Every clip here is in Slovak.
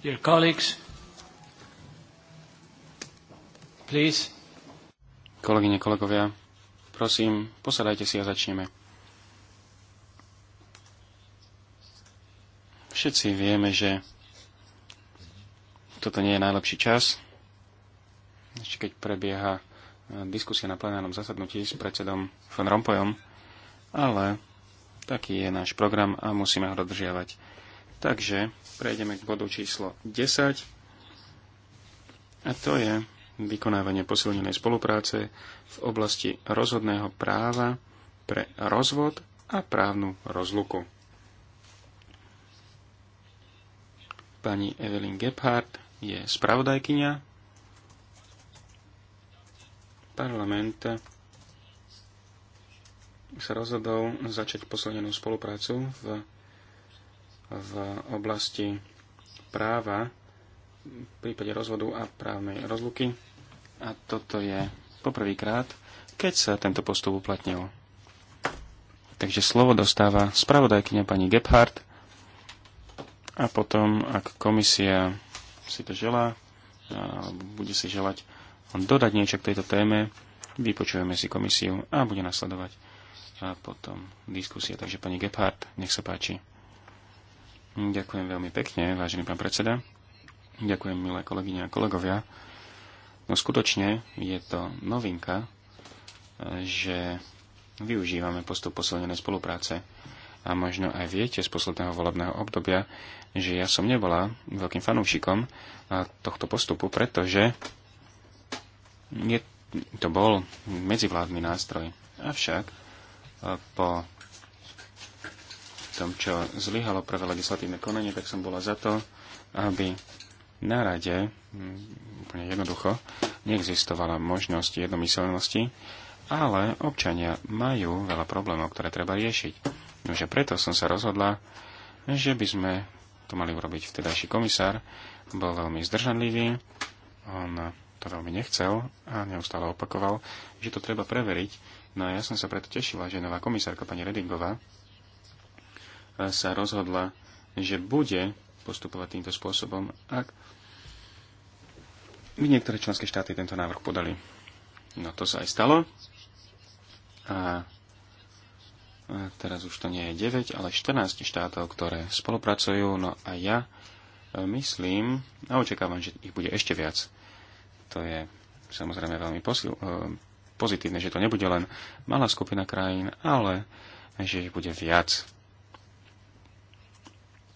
Dear colleagues, please. Kolegyne, kolegovia, prosím, posadajte si a začneme. Všetci vieme, že toto nie je najlepší čas. Ešte keď prebieha eh, diskusia na plenárnom zasadnutí s predsedom von Rompojom, ale taký je náš program a musíme ho dodržiavať. Takže prejdeme k bodu číslo 10 a to je vykonávanie posilnenej spolupráce v oblasti rozhodného práva pre rozvod a právnu rozluku. Pani Evelyn Gebhardt je spravodajkynia Parlament sa rozhodol začať posilnenú spoluprácu v v oblasti práva v prípade rozvodu a právnej rozluky. A toto je poprvýkrát, keď sa tento postup uplatnil. Takže slovo dostáva spravodajkyňa pani Gebhardt a potom, ak komisia si to želá, bude si želať dodať niečo k tejto téme, vypočujeme si komisiu a bude nasledovať a potom diskusia. Takže pani Gebhardt, nech sa páči. Ďakujem veľmi pekne, vážený pán predseda. Ďakujem, milé kolegyne a kolegovia. No skutočne je to novinka, e, že využívame postup posilnenej spolupráce. A možno aj viete z posledného volebného obdobia, že ja som nebola veľkým fanúšikom tohto postupu, pretože je, to bol medzivládny nástroj. Avšak e, po tom, čo zlyhalo prvé legislatívne konanie, tak som bola za to, aby na rade hm, úplne jednoducho neexistovala možnosť jednomyselnosti, ale občania majú veľa problémov, ktoré treba riešiť. Nože preto som sa rozhodla, že by sme to mali urobiť vtedajší komisár. Bol veľmi zdržanlivý, on to veľmi nechcel a neustále opakoval, že to treba preveriť. No a ja som sa preto tešila, že nová komisárka pani Redingová sa rozhodla, že bude postupovať týmto spôsobom, ak by niektoré členské štáty tento návrh podali. No to sa aj stalo. A teraz už to nie je 9, ale 14 štátov, ktoré spolupracujú. No a ja e, myslím a očakávam, že ich bude ešte viac. To je samozrejme veľmi posil, e, pozitívne, že to nebude len malá skupina krajín, ale že ich bude viac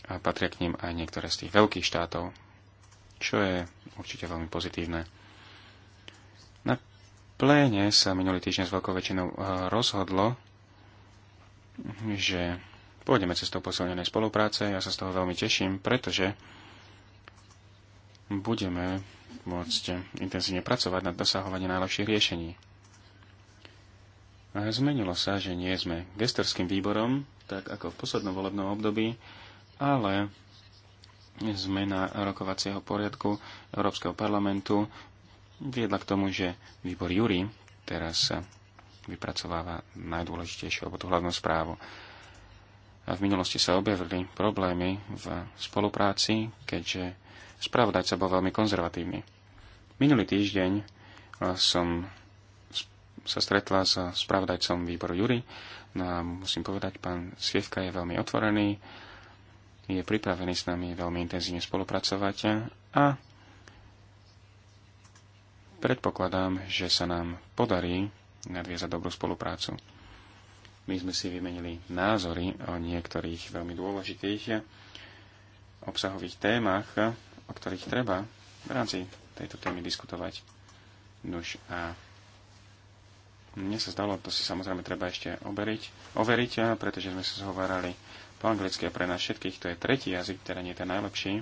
a patria k ním aj niektoré z tých veľkých štátov, čo je určite veľmi pozitívne. Na pléne sa minulý týždeň s veľkou väčšinou eh, rozhodlo, že pôjdeme cestou posilnenej spolupráce. Ja sa z toho veľmi teším, pretože budeme môcť intenzívne pracovať na dosahovanie najlepších riešení. zmenilo sa, že nie sme gestorským výborom, tak ako v poslednom volebnom období, ale zmena rokovacieho poriadku Európskeho parlamentu viedla k tomu, že výbor Júri teraz vypracováva najdôležitejšiu alebo tú hlavnú správu. A v minulosti sa objavili problémy v spolupráci, keďže spravodajca bol veľmi konzervatívny. Minulý týždeň eh, som sa stretla s spravodajcom výboru Jury. No a musím povedať, pán Sievka je veľmi otvorený je pripravený s nami veľmi intenzívne spolupracovať a predpokladám, že sa nám podarí nadviezať dobrú spoluprácu. My sme si vymenili názory o niektorých veľmi dôležitých obsahových témach, o ktorých treba v rámci tejto témy diskutovať. Nuž a mne sa zdalo, to si samozrejme treba ešte overiť, overiť pretože sme sa zhovárali po anglicky a pre nás všetkých to je tretí jazyk, teda nie je ten najlepší,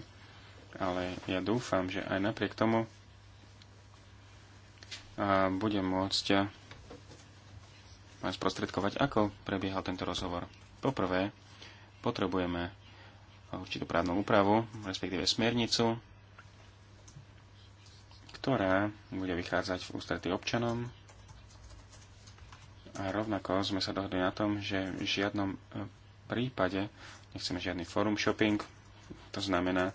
ale ja dúfam, že aj napriek tomu a budem môcť vám sprostredkovať, ako prebiehal tento rozhovor. Poprvé, potrebujeme určitú právnu úpravu, respektíve smernicu, ktorá bude vychádzať v ústretí občanom. A rovnako sme sa dohodli na tom, že v žiadnom prípade nechceme žiadny forum shopping. To znamená,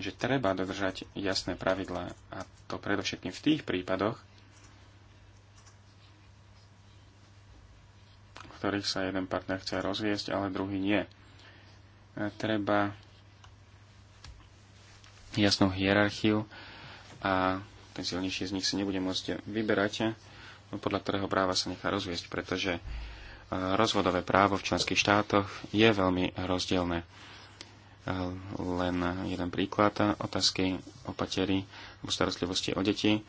že treba dodržať jasné pravidlá a to predovšetkým v tých prípadoch, v ktorých sa jeden partner chce rozviesť, ale druhý nie. E, treba jasnú hierarchiu a ten silnejší z nich si nebude môcť vyberať, podľa ktorého práva sa nechá rozviesť, pretože rozvodové právo v členských štátoch je veľmi rozdielne. Len jeden príklad otázky o patery alebo starostlivosti o deti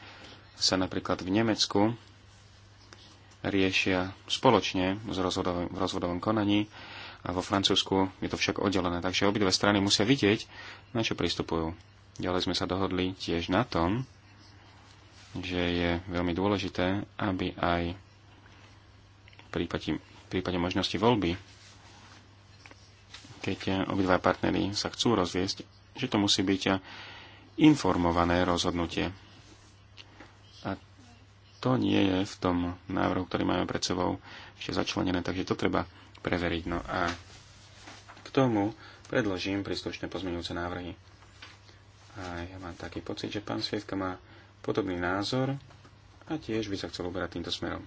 sa napríklad v Nemecku riešia spoločne s rozvodovým, v rozvodovom konaní a vo Francúzsku je to však oddelené, takže obidve strany musia vidieť, na čo pristupujú. Ďalej sme sa dohodli tiež na tom, že je veľmi dôležité, aby aj v prípade prípade možnosti voľby, keď eh, obidva partnery sa chcú rozviesť, že to musí byť eh, informované rozhodnutie. A to nie je v tom návrhu, ktorý máme pred sebou ešte začlenené, takže to treba preveriť. No a k tomu predložím príslušné pozmeňujúce návrhy. A ja mám taký pocit, že pán Svietka má podobný názor a tiež by sa chcel uberať týmto smerom.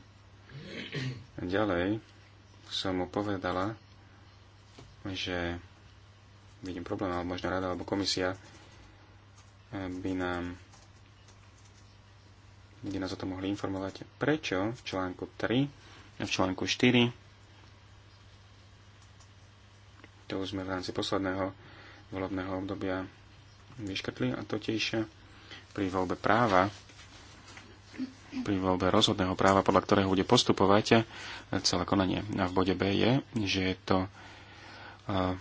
Ďalej som mu povedala, že vidím problém, alebo možno rada, alebo komisia eh, by nám kde nás o tom mohli informovať, prečo v článku 3 a v článku 4 to už sme v rámci posledného volebného obdobia vyškrtli a totiž pri voľbe práva pri voľbe rozhodného práva, podľa ktorého bude postupovať eh, celé konanie. A v bode B je, že je to eh,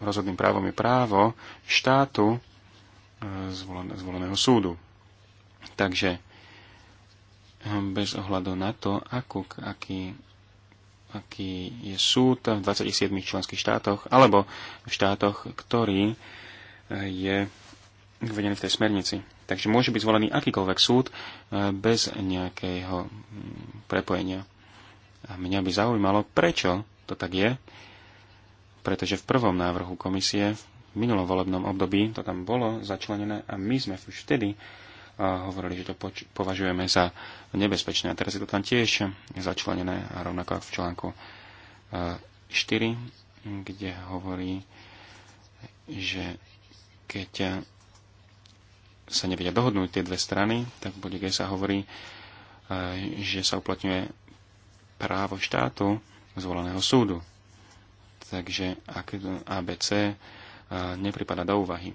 rozhodným právom je právo štátu eh, zvoleného súdu. Takže hm, bez ohľadu na to, akú, aký, aký je súd v 27 členských štátoch alebo v štátoch, ktorý je uvedený v tej smernici. Takže môže byť zvolený akýkoľvek súd e, bez nejakého prepojenia. A mňa by zaujímalo, prečo to tak je, pretože v prvom návrhu komisie v minulom volebnom období to tam bolo začlenené a my sme už vtedy e, hovorili, že to považujeme za nebezpečné. A teraz je to tam tiež začlenené, a rovnako ako v článku 4, e, kde hovorí, že keď sa nevedia dohodnúť tie dve strany, tak v bode G sa hovorí, e, že sa uplatňuje právo štátu zvoleného súdu. Takže ABC e, nepripada do úvahy.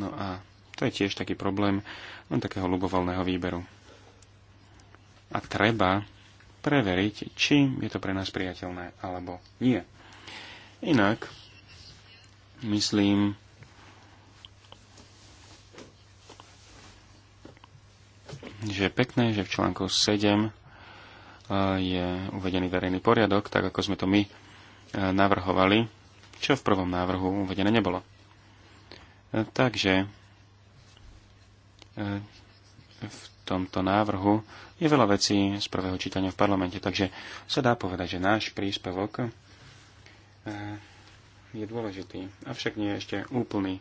No a to je tiež taký problém no, takého ľubovoľného výberu. A treba preveriť, či je to pre nás priateľné alebo nie. Inak, myslím, že je pekné, že v článku 7 e, je uvedený verejný poriadok, tak ako sme to my e, navrhovali, čo v prvom návrhu uvedené nebolo. E, takže v tomto návrhu je veľa vecí z prvého čítania v parlamente, takže sa dá povedať, že náš príspevok je dôležitý, avšak nie je ešte úplný.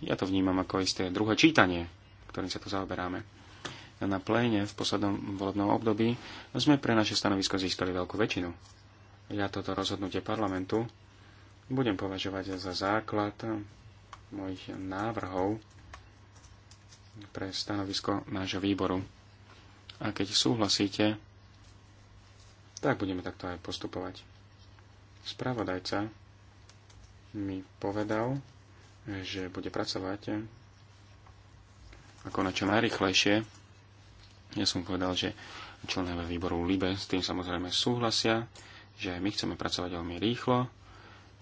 Ja to vnímam ako isté druhé čítanie, ktorým sa tu zaoberáme na pléne v poslednom volebnom období sme pre naše stanovisko získali veľkú väčšinu. Ja toto rozhodnutie parlamentu budem považovať za základ mojich návrhov pre stanovisko nášho výboru. A keď súhlasíte, tak budeme takto aj postupovať. Spravodajca mi povedal, že bude pracovať ako na čo najrychlejšie ja som povedal, že členové výboru LIBE s tým samozrejme súhlasia, že my chceme pracovať veľmi rýchlo,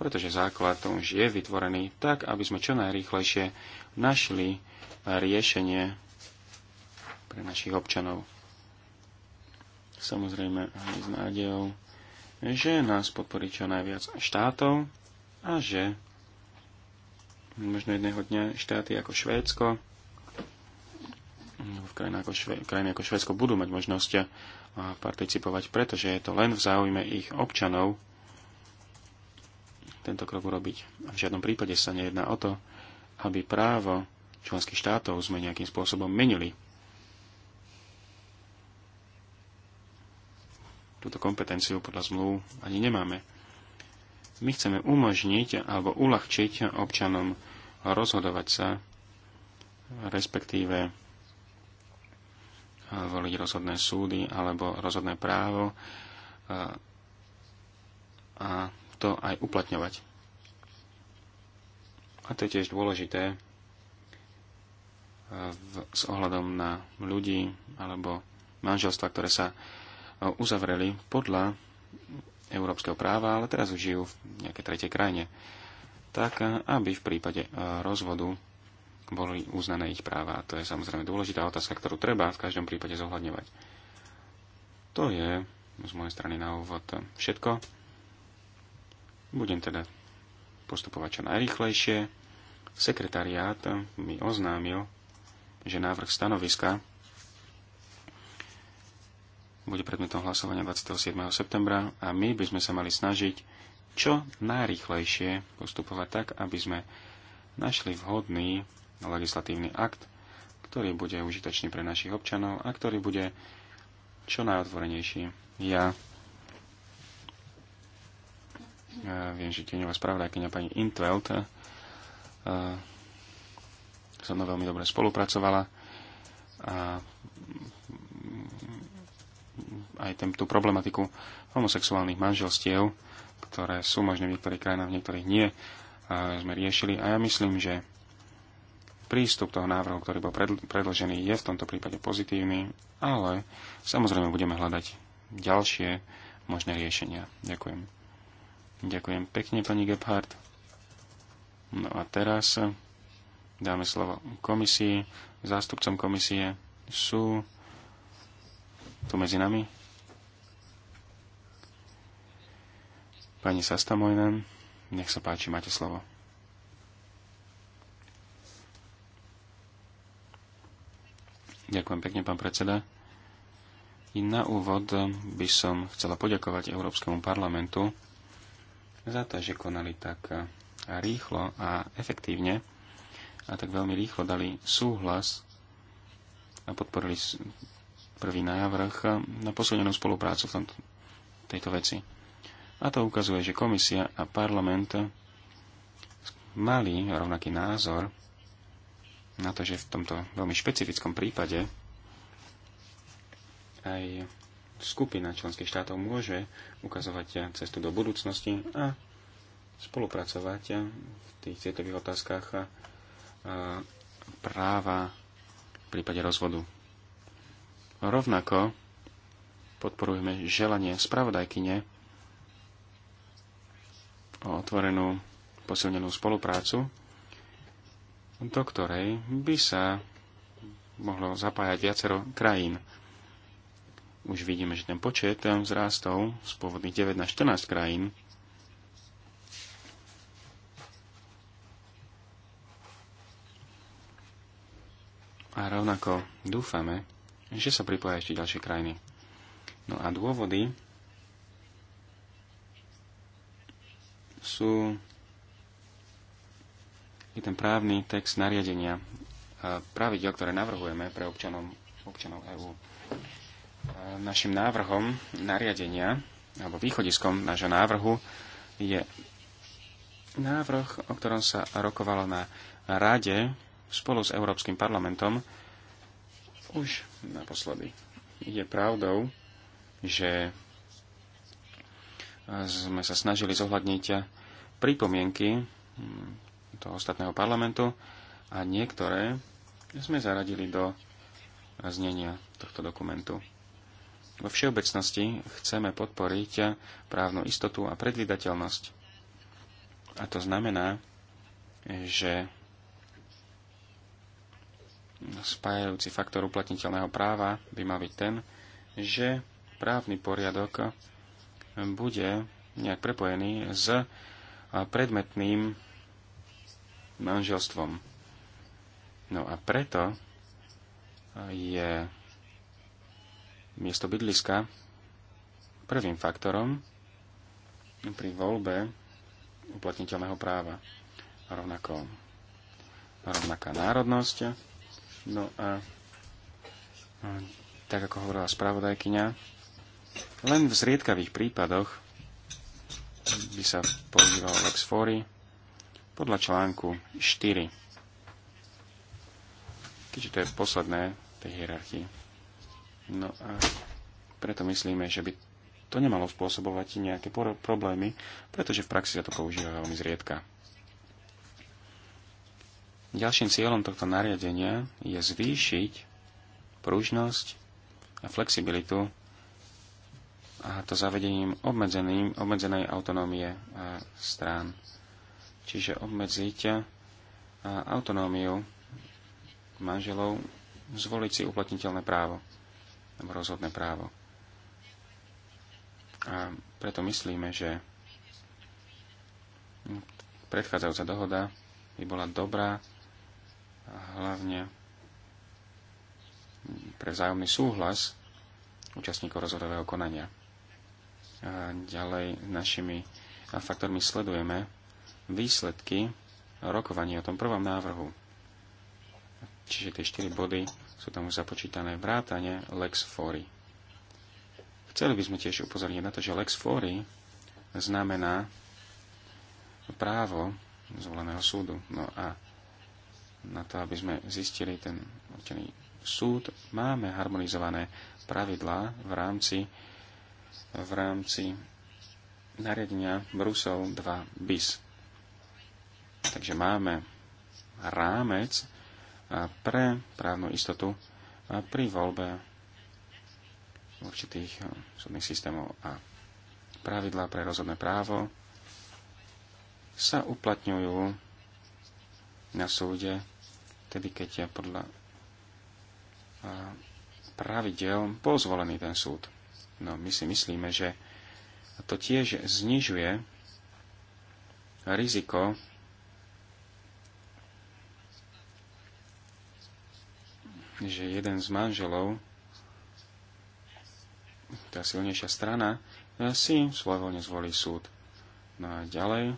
pretože základ už je vytvorený tak, aby sme čo najrýchlejšie našli riešenie pre našich občanov. Samozrejme aj s nádejou, že nás podporí čo najviac štátov a že možno jedného dňa štáty ako Švédsko krajiny ako, Šve, ako Švedsko budú mať možnosť eh, participovať, pretože je to len v záujme ich občanov tento krok urobiť. V žiadnom prípade sa nejedná o to, aby právo členských štátov sme nejakým spôsobom menili. Túto kompetenciu podľa zmluv ani nemáme. My chceme umožniť alebo uľahčiť občanom rozhodovať sa, respektíve voliť rozhodné súdy alebo rozhodné právo a to aj uplatňovať. A to je tiež dôležité v, s ohľadom na ľudí alebo manželstva, ktoré sa uzavreli podľa európskeho práva, ale teraz už žijú v nejakej tretej krajine. Tak, aby v prípade rozvodu boli uznané ich práva. A to je samozrejme dôležitá otázka, ktorú treba v každom prípade zohľadňovať. To je z mojej strany na úvod všetko. Budem teda postupovať čo najrýchlejšie. Sekretariát mi oznámil, že návrh stanoviska bude predmetom hlasovania 27. septembra a my by sme sa mali snažiť čo najrýchlejšie postupovať tak, aby sme našli vhodný legislatívny akt, ktorý bude užitočný pre našich občanov a ktorý bude čo najotvorenejší. Ja, viem, že tieňová spravodajkynia pani Intveld uh, so mnou veľmi dobre spolupracovala a aj ten, tú problematiku homosexuálnych manželstiev, ktoré sú možné v niektorých krajinách, v niektorých nie, eh, sme riešili. A ja myslím, že prístup toho návrhu, ktorý bol predložený, je v tomto prípade pozitívny, ale samozrejme budeme hľadať ďalšie možné riešenia. Ďakujem. Ďakujem pekne, pani Gebhardt. No a teraz dáme slovo komisii. Zástupcom komisie sú tu medzi nami pani Sastamojnen. Nech sa páči, máte slovo. Ďakujem pekne, pán predseda. I na úvod by som chcela poďakovať Európskemu parlamentu za to, že konali tak rýchlo a efektívne a tak veľmi rýchlo dali súhlas a podporili prvý návrh na posilnenú spoluprácu v tomto, tejto veci. A to ukazuje, že komisia a parlament mali rovnaký názor na to, že v tomto veľmi špecifickom prípade aj skupina členských štátov môže ukazovať cestu do budúcnosti a spolupracovať v tých cietových otázkach práva v prípade rozvodu. Rovnako podporujeme želanie spravodajkyne o otvorenú posilnenú spoluprácu do ktorej by sa mohlo zapájať viacero krajín. Už vidíme, že ten počet vzrástol z pôvodných 9 na 14 krajín. A rovnako dúfame, že sa pripoja ešte ďalšie krajiny. No a dôvody sú je ten právny text nariadenia a pravidel, ktoré navrhujeme pre občanom, občanov EÚ. Našim návrhom nariadenia, alebo východiskom nášho návrhu, je návrh, o ktorom sa rokovalo na Rade spolu s Európskym parlamentom už naposledy. Je pravdou, že sme sa snažili zohľadniť pripomienky hm, toho ostatného parlamentu a niektoré sme zaradili do znenia tohto dokumentu. Vo všeobecnosti chceme podporiť právnu istotu a predvydateľnosť. A to znamená, že spájajúci faktor uplatniteľného práva by mal byť ten, že právny poriadok bude nejak prepojený s predmetným manželstvom. No a preto je miesto bydliska prvým faktorom pri voľbe uplatniteľného práva. Rovnako rovnaká národnosť. No a tak ako hovorila spravodajkyňa, len v zriedkavých prípadoch by sa používal Lex podľa článku 4. Keďže to je posledné v tej hierarchii. No a preto myslíme, že by to nemalo spôsobovať nejaké problémy, pretože v praxi sa to používa veľmi zriedka. Ďalším cieľom tohto nariadenia je zvýšiť pružnosť a flexibilitu a to zavedením obmedzenej autonómie strán čiže obmedziť autonómiu manželov zvoliť si uplatniteľné právo alebo rozhodné právo. A preto myslíme, že predchádzajúca dohoda by bola dobrá a hlavne pre vzájomný súhlas účastníkov rozhodového konania. A ďalej našimi faktormi sledujeme výsledky rokovania o tom prvom návrhu. Čiže tie štyri body sú tam už započítané vrátane Lex Fori. Chceli by sme tiež upozorniť na to, že Lex Fori znamená právo zvoleného súdu. No a na to, aby sme zistili ten určený súd, máme harmonizované pravidlá v rámci, v rámci nariadenia Brusel 2 bis Takže máme rámec pre právnu istotu pri voľbe určitých súdnych systémov a pravidlá pre rozhodné právo sa uplatňujú na súde, tedy keď je podľa pravidel bol zvolený ten súd. No my si myslíme, že to tiež znižuje riziko že jeden z manželov, tá silnejšia strana, e, si svojvoľne zvolí súd. No a ďalej,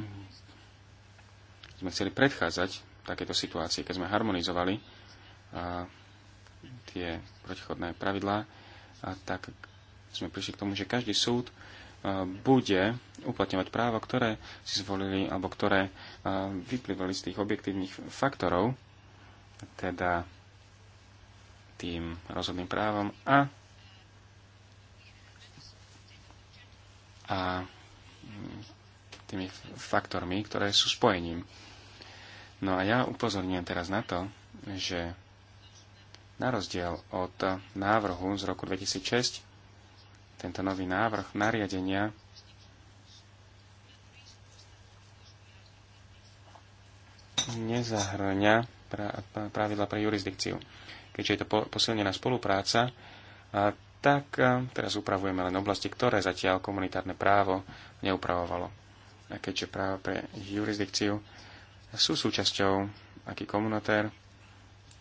mm, sme chceli predchádzať takéto situácie, keď sme harmonizovali a, tie protichodné pravidlá, a tak sme prišli k tomu, že každý súd E, bude uplatňovať právo, ktoré si zvolili alebo ktoré e, vyplývali z tých objektívnych faktorov, teda tým rozhodným právom a a tými faktormi, ktoré sú spojením. No a ja upozorňujem teraz na to, že na rozdiel od návrhu z roku 2006 tento nový návrh nariadenia nezahrňa pravidla pre jurisdikciu. Keďže je to posilnená spolupráca, tak teraz upravujeme len oblasti, ktoré zatiaľ komunitárne právo neupravovalo. A keďže práva pre jurisdikciu sú súčasťou aký komunatér,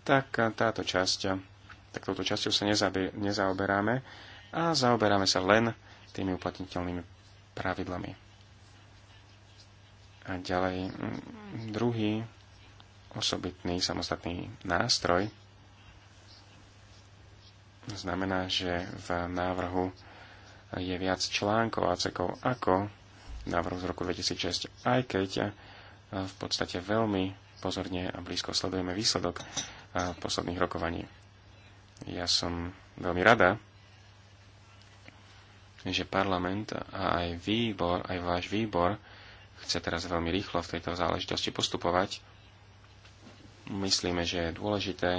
tak táto časť, tak touto časťou sa nezaoberáme a zaoberáme sa len tými uplatniteľnými pravidlami. A ďalej mm, druhý osobitný samostatný nástroj znamená, že v návrhu je viac článkov a cekov ako návrhu z roku 2006, aj keď eh, v podstate veľmi pozorne a blízko sledujeme výsledok eh, posledných rokovaní. Ja som veľmi rada, že parlament a aj výbor, aj váš výbor chce teraz veľmi rýchlo v tejto záležitosti postupovať. Myslíme, že je dôležité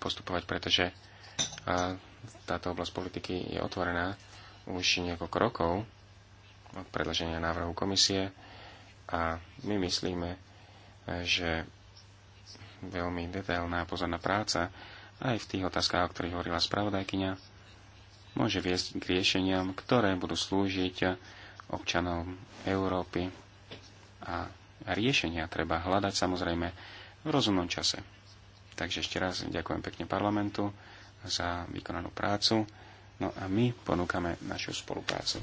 postupovať, pretože táto oblasť politiky je otvorená už niekoľko rokov od predloženia návrhu komisie a my myslíme, že veľmi detailná pozorná práca aj v tých otázkach, o ktorých hovorila spravodajkyňa, môže viesť k riešeniam, ktoré budú slúžiť občanom Európy a riešenia treba hľadať samozrejme v rozumnom čase. Takže ešte raz ďakujem pekne parlamentu za vykonanú prácu. No a my ponúkame našu spoluprácu.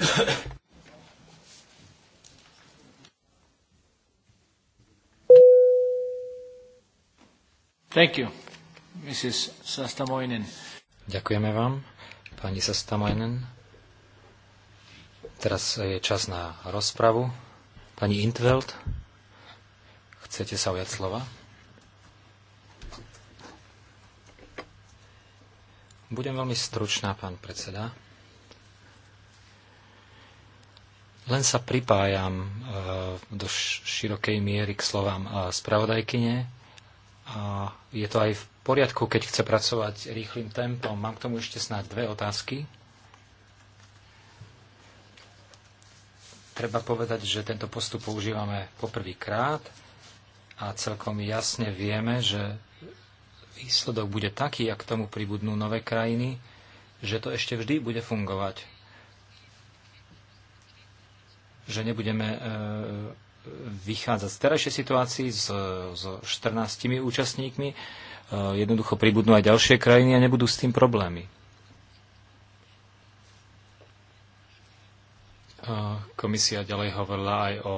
Thank you. Mrs. Sastamoinen. Ďakujeme vám, pani Sastamoinen. Teraz je čas na rozpravu. Pani Intveld, chcete sa ujať slova? Budem veľmi stručná, pán predseda. Len sa pripájam e, do širokej miery k slovám e, spravodajkyne. A je to aj v poriadku, keď chce pracovať rýchlým tempom. Mám k tomu ešte snáď dve otázky. Treba povedať, že tento postup používame poprvýkrát a celkom jasne vieme, že výsledok bude taký, ak tomu pribudnú nové krajiny, že to ešte vždy bude fungovať. Že nebudeme e, vychádzať z terajšej situácii s, s 14 účastníkmi, Eh, jednoducho pribudnú aj ďalšie krajiny a nebudú s tým problémy. Eh, komisia ďalej hovorila aj o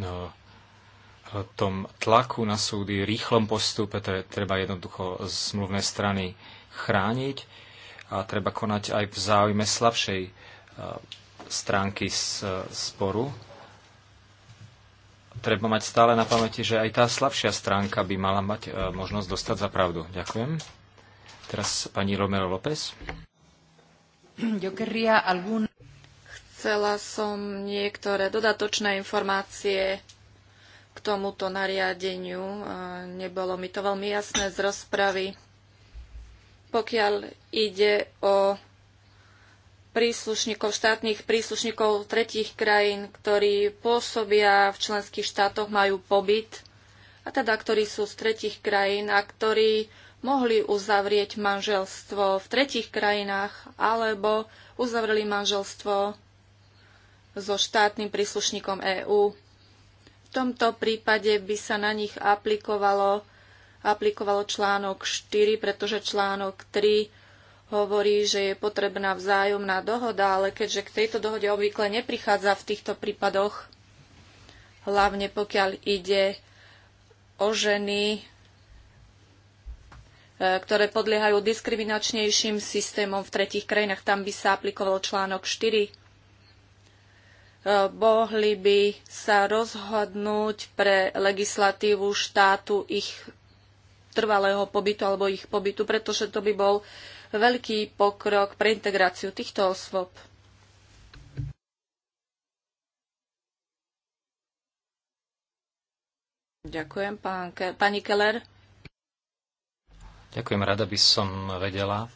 no, tom tlaku na súdy, rýchlom postupe, treba jednoducho zmluvné strany chrániť a treba konať aj v záujme slabšej stránky sporu treba mať stále na pamäti, že aj tá slabšia stránka by mala mať e, možnosť dostať za pravdu. Ďakujem. Teraz pani Romero López. Chcela som niektoré dodatočné informácie k tomuto nariadeniu. E, nebolo mi to veľmi jasné z rozpravy. Pokiaľ ide o príslušníkov, štátnych príslušníkov tretích krajín, ktorí pôsobia v členských štátoch, majú pobyt, a teda ktorí sú z tretích krajín a ktorí mohli uzavrieť manželstvo v tretích krajinách alebo uzavreli manželstvo so štátnym príslušníkom EÚ. V tomto prípade by sa na nich aplikovalo, aplikovalo článok 4, pretože článok 3 hovorí, že je potrebná vzájomná dohoda, ale keďže k tejto dohode obvykle neprichádza v týchto prípadoch, hlavne pokiaľ ide o ženy, e, ktoré podliehajú diskriminačnejším systémom v tretich krajinách. Tam by sa aplikoval článok 4 e, mohli by sa rozhodnúť pre legislatívu štátu ich trvalého pobytu alebo ich pobytu, pretože to by bol veľký pokrok pre integráciu týchto osôb. Ďakujem, pán Ke- pani Keller. Ďakujem, rada by som vedela,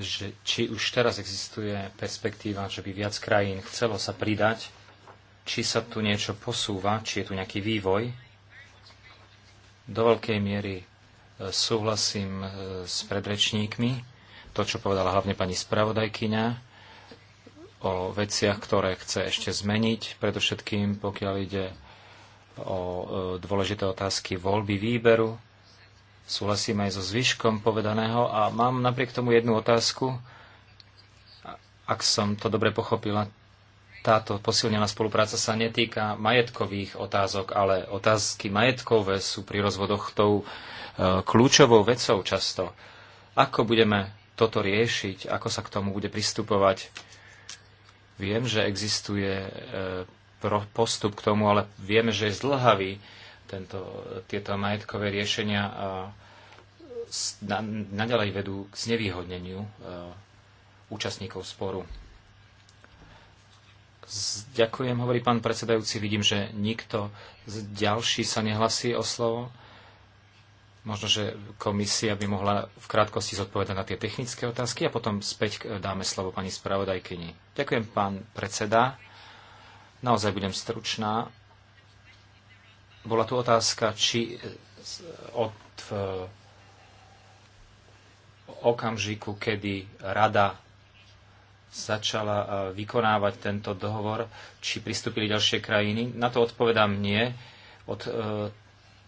že či už teraz existuje perspektíva, že by viac krajín chcelo sa pridať, či sa tu niečo posúva, či je tu nejaký vývoj. Do veľkej miery Súhlasím e, s predrečníkmi, to, čo povedala hlavne pani spravodajkyňa o veciach, ktoré chce ešte zmeniť, predovšetkým pokiaľ ide o e, dôležité otázky voľby výberu. Súhlasím aj so zvyškom povedaného a mám napriek tomu jednu otázku. Ak som to dobre pochopila, táto posilnená spolupráca sa netýka majetkových otázok, ale otázky majetkové sú pri rozvodoch tou e, kľúčovou vecou často. Ako budeme toto riešiť, ako sa k tomu bude pristupovať? Viem, že existuje e, postup k tomu, ale vieme, že je zdlhavý tento, tieto majetkové riešenia a naďalej vedú k znevýhodneniu e, účastníkov sporu. Ďakujem, hovorí pán predsedajúci. Vidím, že nikto z ďalší sa nehlasí o slovo. Možno, že komisia by mohla v krátkosti zodpovedať na tie technické otázky a potom späť dáme slovo pani spravodajkyni. Ďakujem, pán predseda. Naozaj budem stručná. Bola tu otázka, či od okamžiku, kedy rada začala e, vykonávať tento dohovor, či pristúpili ďalšie krajiny. Na to odpovedám nie. Od e,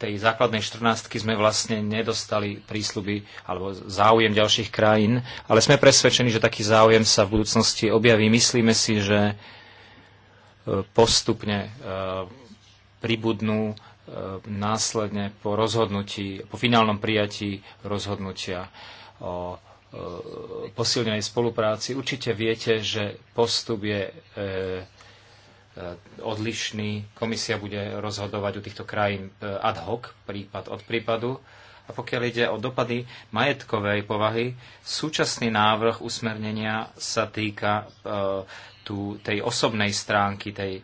tej základnej 14 sme vlastne nedostali prísluby alebo záujem ďalších krajín, ale sme presvedčení, že taký záujem sa v budúcnosti objaví. Myslíme si, že e, postupne pribudnú následne po rozhodnutí, po finálnom prijatí rozhodnutia o E, posilnenej spolupráci. Určite viete, že postup je e, e, odlišný. Komisia bude rozhodovať u týchto krajín ad hoc, prípad od prípadu. A pokiaľ ide o dopady majetkovej povahy, súčasný návrh usmernenia sa týka tú, tej osobnej stránky, tej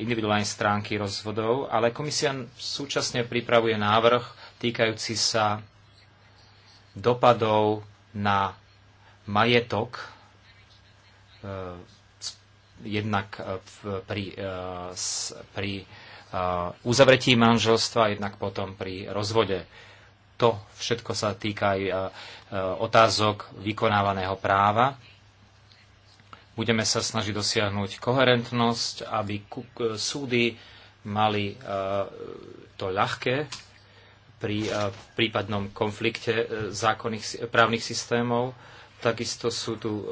individuálnej stránky rozvodov, ale komisia súčasne pripravuje návrh týkajúci sa dopadov na majetok eh, jednak eh, pri, eh, pri uzavretí manželstva, jednak potom pri rozvode. To všetko sa týka aj otázok vykonávaného práva. Budeme sa snažiť dosiahnuť koherentnosť, aby súdy mali to ľahké pri e, prípadnom konflikte e, zákonných právnych systémov. Takisto sú tu e,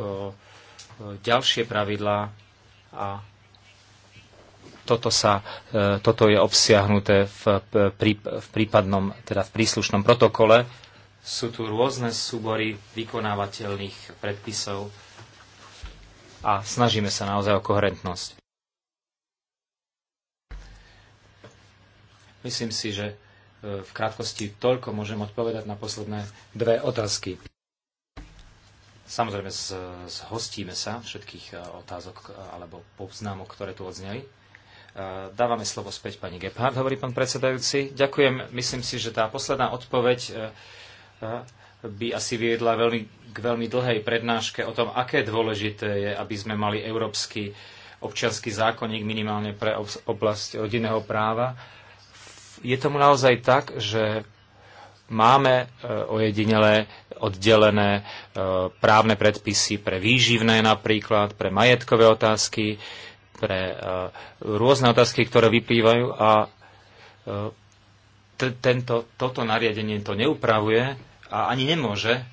ďalšie pravidlá a toto, sa, toto je obsiahnuté v, prí, v prípadnom, teda v príslušnom protokole. Sú tu rôzne súbory vykonávateľných predpisov a snažíme sa naozaj o koherentnosť. Myslím si, že Eh, v krátkosti toľko môžem odpovedať na posledné dve otázky. Samozrejme, eh, zhostíme sa všetkých eh, otázok alebo poznámok, ktoré tu odzneli. Dávame slovo späť pani Gebhardt, hovorí pán predsedajúci. Ďakujem. Myslím si, že tá posledná odpoveď by asi viedla veľmi, k veľmi dlhej prednáške o tom, aké dôležité je, aby sme mali európsky občianský zákonník minimálne pre oblasť rodinného práva je tomu naozaj tak, že máme e, ojedinelé oddelené e, právne predpisy pre výživné napríklad, pre majetkové otázky, pre e, rôzne otázky, ktoré vyplývajú a tento, toto nariadenie to neupravuje a ani nemôže.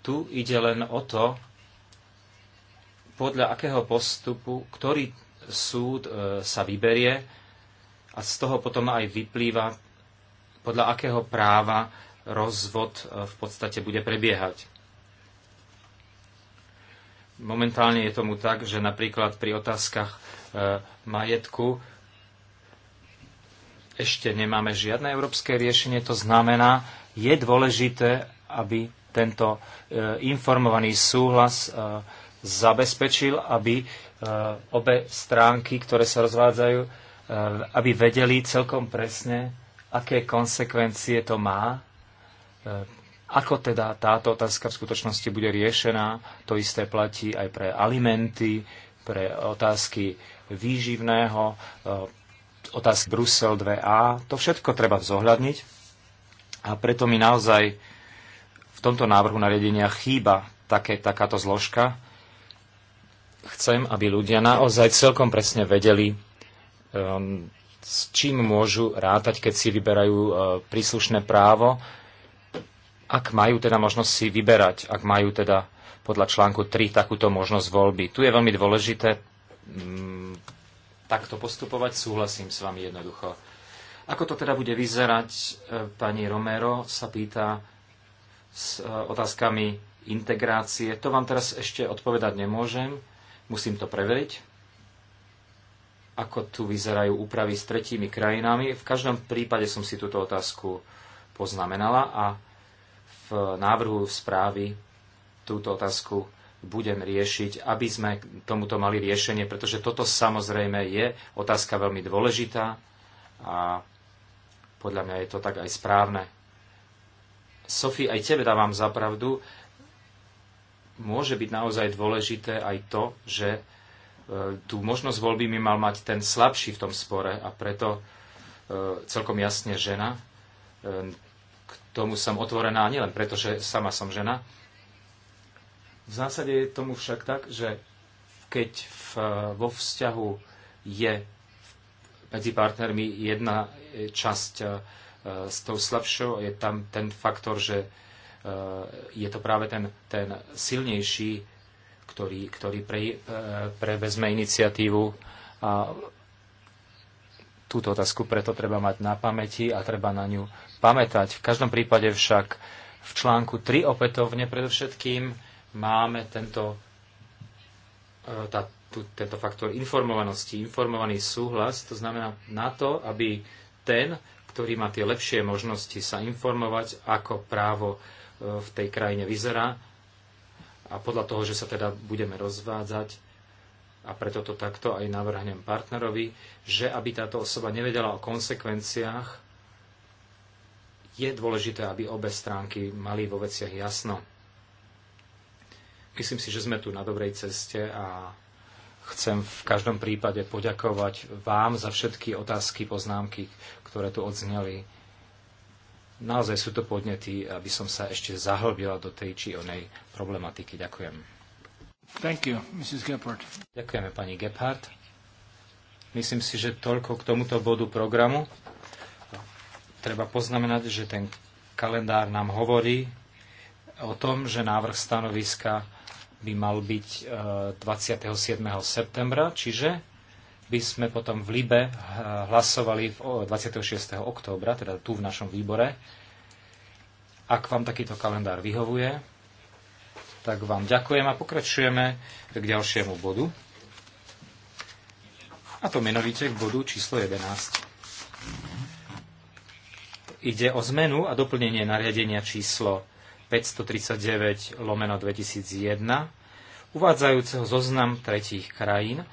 Tu ide len o to, podľa akého postupu, ktorý súd sa vyberie, a z toho potom aj vyplýva, podľa akého práva rozvod e, v podstate bude prebiehať. Momentálne je tomu tak, že napríklad pri otázkach e, majetku ešte nemáme žiadne európske riešenie. To znamená, je dôležité, aby tento e, informovaný súhlas zabezpečil, aby obe stránky, ktoré sa rozvádzajú, Eh, aby vedeli celkom presne, aké konsekvencie to má, eh, ako teda táto otázka v skutočnosti bude riešená. To isté platí aj pre alimenty, pre otázky výživného, eh, otázky Brusel 2a. To všetko treba zohľadniť a preto mi naozaj v tomto návrhu nariadenia chýba také, takáto zložka. Chcem, aby ľudia naozaj celkom presne vedeli, Um, s čím môžu rátať, keď si vyberajú uh, príslušné právo, ak majú teda možnosť si vyberať, ak majú teda podľa článku 3 takúto možnosť voľby. Tu je veľmi dôležité um, takto postupovať, súhlasím s vami jednoducho. Ako to teda bude vyzerať, e, pani Romero sa pýta s e, otázkami integrácie. To vám teraz ešte odpovedať nemôžem, musím to preveriť ako tu vyzerajú úpravy s tretími krajinami. V každom prípade som si túto otázku poznamenala a v návrhu správy túto otázku budem riešiť, aby sme k tomuto mali riešenie, pretože toto samozrejme je otázka veľmi dôležitá a podľa mňa je to tak aj správne. Sofie, aj tebe dávam za pravdu, môže byť naozaj dôležité aj to, že E, tú možnosť voľby mi mal mať ten slabší v tom spore a preto e, celkom jasne žena. E, k tomu som otvorená nielen preto, že sama som žena. V zásade je tomu však tak, že keď v, vo vzťahu je medzi partnermi jedna časť s tou slabšou, je tam ten faktor, že je to práve ten, ten silnejší ktorý, ktorý pre, e, prevezme iniciatívu. A túto otázku preto treba mať na pamäti a treba na ňu pamätať. V každom prípade však v článku 3 opätovne predovšetkým máme tento, e, tá, tu, tento faktor informovanosti, informovaný súhlas, to znamená na to, aby ten, ktorý má tie lepšie možnosti sa informovať, ako právo e, v tej krajine vyzerá, a podľa toho, že sa teda budeme rozvádzať, a preto to takto aj navrhnem partnerovi, že aby táto osoba nevedela o konsekvenciách, je dôležité, aby obe stránky mali vo veciach jasno. Myslím si, že sme tu na dobrej ceste a chcem v každom prípade poďakovať vám za všetky otázky, poznámky, ktoré tu odzneli Naozaj sú to podnety, aby som sa ešte zahlbila do tej či onej problematiky. Ďakujem. Thank you, Mrs. Gephardt. Ďakujeme, pani Gephardt. Myslím si, že toľko k tomuto bodu programu. Treba poznamenať, že ten kalendár nám hovorí o tom, že návrh stanoviska by mal byť 27. E, septembra, čiže by sme potom v Libe eh, hlasovali 26. októbra, teda tu v našom výbore. Ak vám takýto kalendár vyhovuje, tak vám ďakujem a pokračujeme k ďalšiemu bodu. A to menovite k bodu číslo 11. Ide o zmenu a doplnenie nariadenia číslo 539 lomeno 2001, uvádzajúceho zoznam tretích krajín,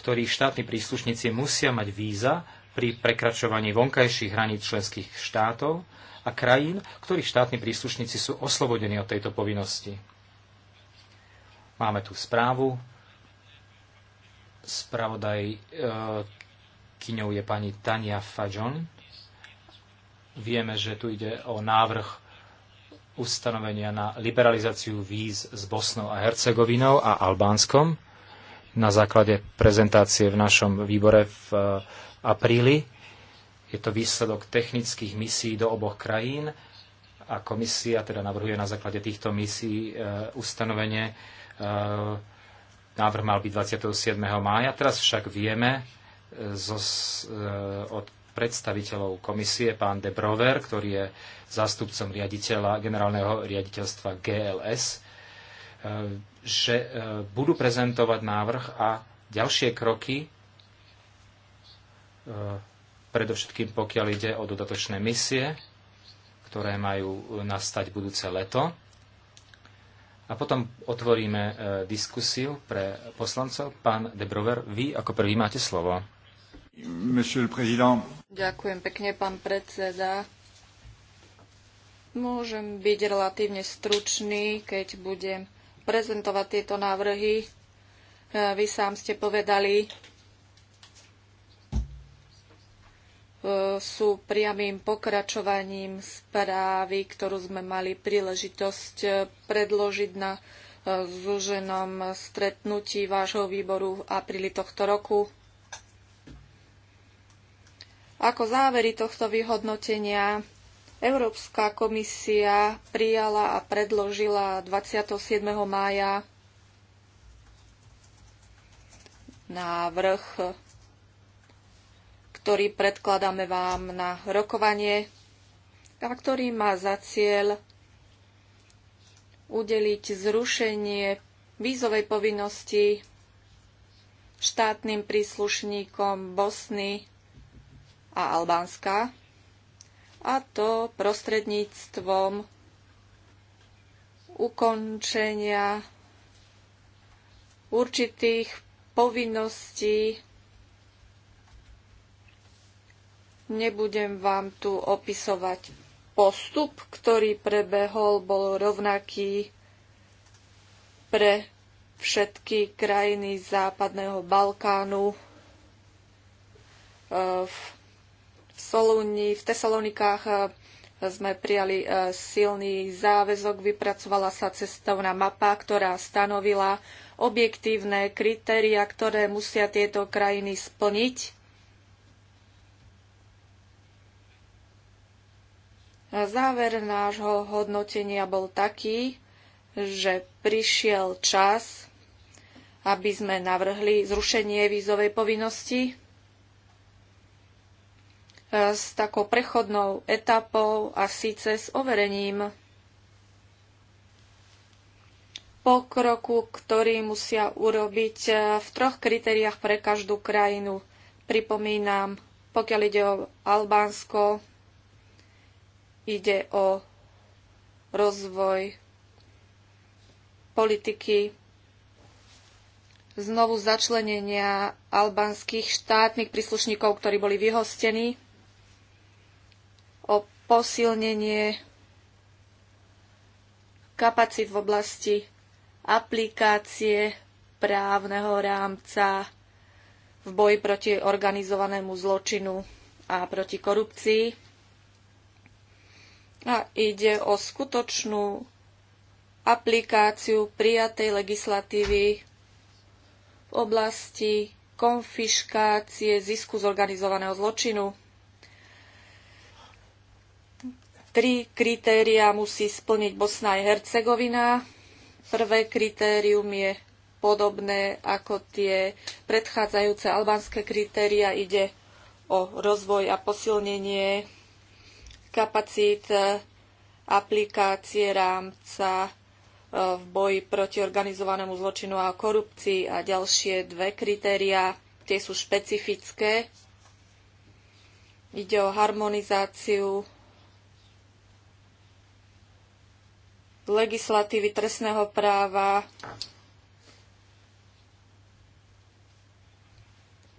ktorých štátni príslušníci musia mať víza pri prekračovaní vonkajších hraníc členských štátov a krajín, ktorých štátni príslušníci sú oslobodení od tejto povinnosti. Máme tu správu. Spravodaj e, kyňou je pani Tania Fajon. Vieme, že tu ide o návrh ustanovenia na liberalizáciu víz s Bosnou a Hercegovinou a Albánskom na základe prezentácie v našom výbore v e, apríli. Je to výsledok technických misií do oboch krajín a komisia teda navrhuje na základe týchto misií e, ustanovenie. E, návrh mal byť 27. mája. Teraz však vieme zo, od predstaviteľov komisie, pán De Brover, ktorý je zástupcom riaditeľa, generálneho riaditeľstva GLS, E, že e, budú prezentovať návrh a ďalšie kroky, e, predovšetkým pokiaľ ide o dodatočné misie, ktoré majú nastať budúce leto. A potom otvoríme diskusiu pre poslancov. Pán Debrover, vy ako prvý máte slovo. Ďakujem pekne, pán predseda. Môžem byť relatívne stručný, keď budem prezentovať tieto návrhy. E, vy sám ste povedali, e, sú priamým pokračovaním správy, ktorú sme mali príležitosť e, predložiť na zúženom stretnutí vášho výboru v apríli tohto roku. Ako závery tohto vyhodnotenia Európska komisia prijala a predložila 27. mája návrh, ktorý predkladáme vám na rokovanie a ktorý má za cieľ udeliť zrušenie vízovej povinnosti štátnym príslušníkom Bosny a Albánska a to prostredníctvom ukončenia určitých povinností. Nebudem vám tu opisovať postup, ktorý prebehol, bol rovnaký pre všetky krajiny Západného Balkánu eh, v Solúni, v Tesalonikách eh, sme prijali eh, silný záväzok, vypracovala sa cestovná mapa, ktorá stanovila objektívne kritéria, ktoré musia tieto krajiny splniť. Záver nášho hodnotenia bol taký, že prišiel čas, aby sme navrhli zrušenie vízovej povinnosti s takou prechodnou etapou a síce s overením pokroku, ktorý musia urobiť e, v troch kritériách pre každú krajinu. Pripomínam, pokiaľ ide o Albánsko, ide o rozvoj politiky znovu začlenenia albánskych štátnych príslušníkov, ktorí boli vyhostení o posilnenie kapacít v oblasti aplikácie právneho rámca v boji proti organizovanému zločinu a proti korupcii. A ide o skutočnú aplikáciu prijatej legislatívy v oblasti konfiškácie zisku zorganizovaného zločinu. Tri kritéria musí splniť Bosna a Hercegovina. Prvé kritérium je podobné ako tie predchádzajúce albánske kritéria. Ide o rozvoj a posilnenie kapacít eh, aplikácie rámca eh, v boji proti organizovanému zločinu a korupcii a ďalšie dve kritéria, tie sú špecifické. Ide o harmonizáciu legislatívy trestného práva,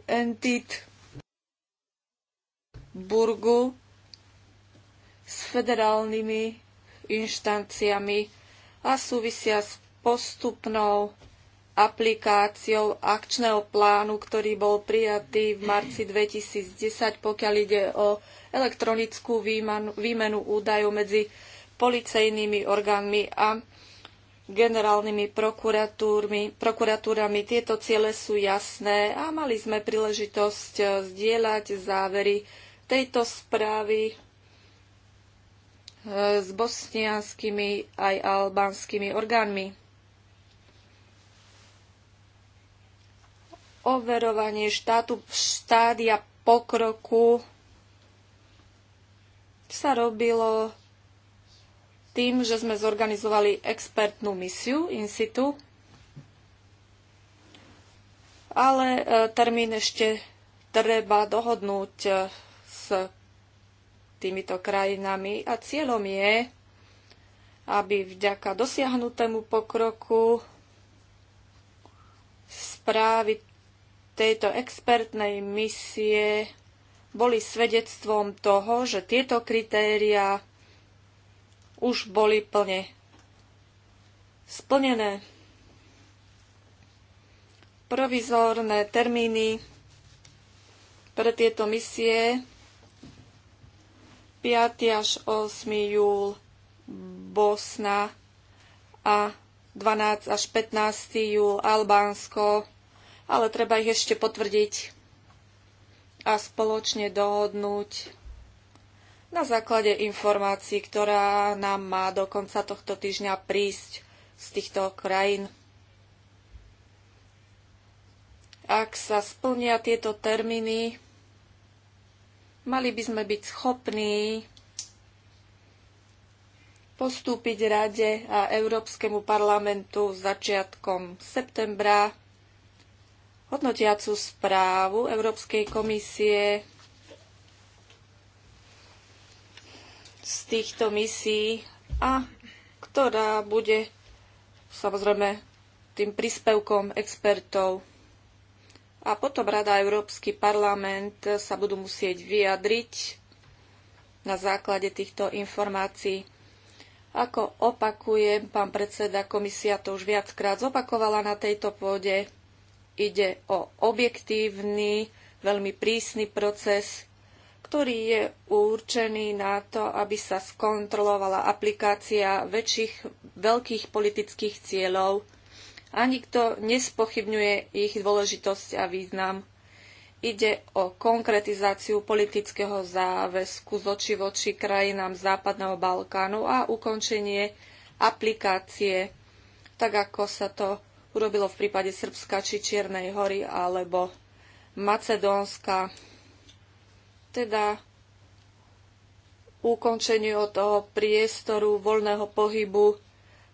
entit Burgu s federálnymi inštanciami a súvisia s postupnou aplikáciou akčného plánu, ktorý bol prijatý v marci 2010, pokiaľ ide o elektronickú výmenu, údajov medzi policejnými orgánmi a generálnymi prokuratúrami. Tieto ciele sú jasné a mali sme príležitosť eh, zdieľať závery tejto správy eh, s bosnianskými aj albánskymi orgánmi. Overovanie štátu štádia pokroku sa robilo tým, že sme zorganizovali expertnú misiu in situ, ale e, termín ešte treba dohodnúť e, s týmito krajinami a cieľom je, aby vďaka dosiahnutému pokroku správy tejto expertnej misie boli svedectvom toho, že tieto kritéria už boli plne splnené. Provizorné termíny pre tieto misie 5. až 8. júl Bosna a 12 až 15. júl Albánsko, ale treba ich ešte potvrdiť a spoločne dohodnúť na základe informácií, ktorá nám má do konca tohto týždňa prísť z týchto krajín. Ak sa splnia tieto termíny, mali by sme byť schopní postúpiť Rade a Európskemu parlamentu začiatkom septembra hodnotiacu správu Európskej komisie z týchto misií a ktorá bude samozrejme tým príspevkom expertov. A potom Rada a Európsky parlament sa budú musieť vyjadriť na základe týchto informácií. Ako opakujem, pán predseda, komisia to už viackrát zopakovala na tejto pôde. Ide o objektívny, veľmi prísny proces, ktorý je určený na to, aby sa skontrolovala aplikácia väčších veľkých politických cieľov a nikto nespochybňuje ich dôležitosť a význam. Ide o konkretizáciu politického záväzku z oči voči krajinám Západného Balkánu a ukončenie aplikácie, tak ako sa to urobilo v prípade Srbska či Čiernej hory alebo Macedónska teda ukončeniu toho priestoru voľného pohybu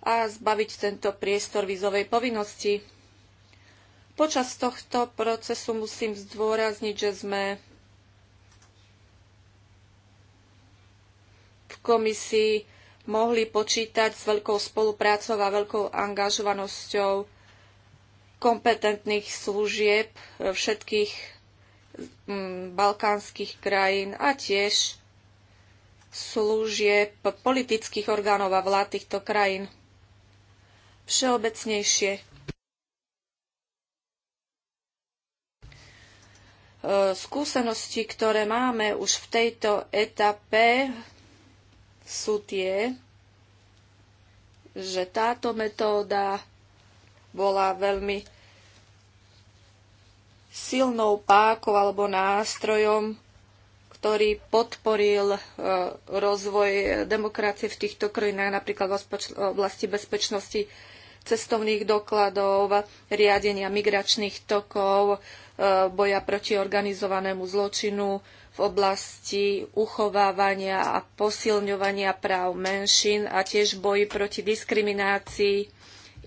a zbaviť tento priestor vízovej povinnosti. Počas tohto procesu musím zdôrazniť, že sme v komisii mohli počítať s veľkou spoluprácou a veľkou angažovanosťou kompetentných služieb všetkých balkánskych krajín a tiež služieb politických orgánov a vlád týchto krajín. Všeobecnejšie. E, skúsenosti, ktoré máme už v tejto etape, sú tie, že táto metóda bola veľmi silnou pákou alebo nástrojom, ktorý podporil e, rozvoj demokracie v týchto krajinách, napríklad v oblasti bezpečnosti cestovných dokladov, riadenia migračných tokov, e, boja proti organizovanému zločinu v oblasti uchovávania a posilňovania práv menšín a tiež boji proti diskriminácii.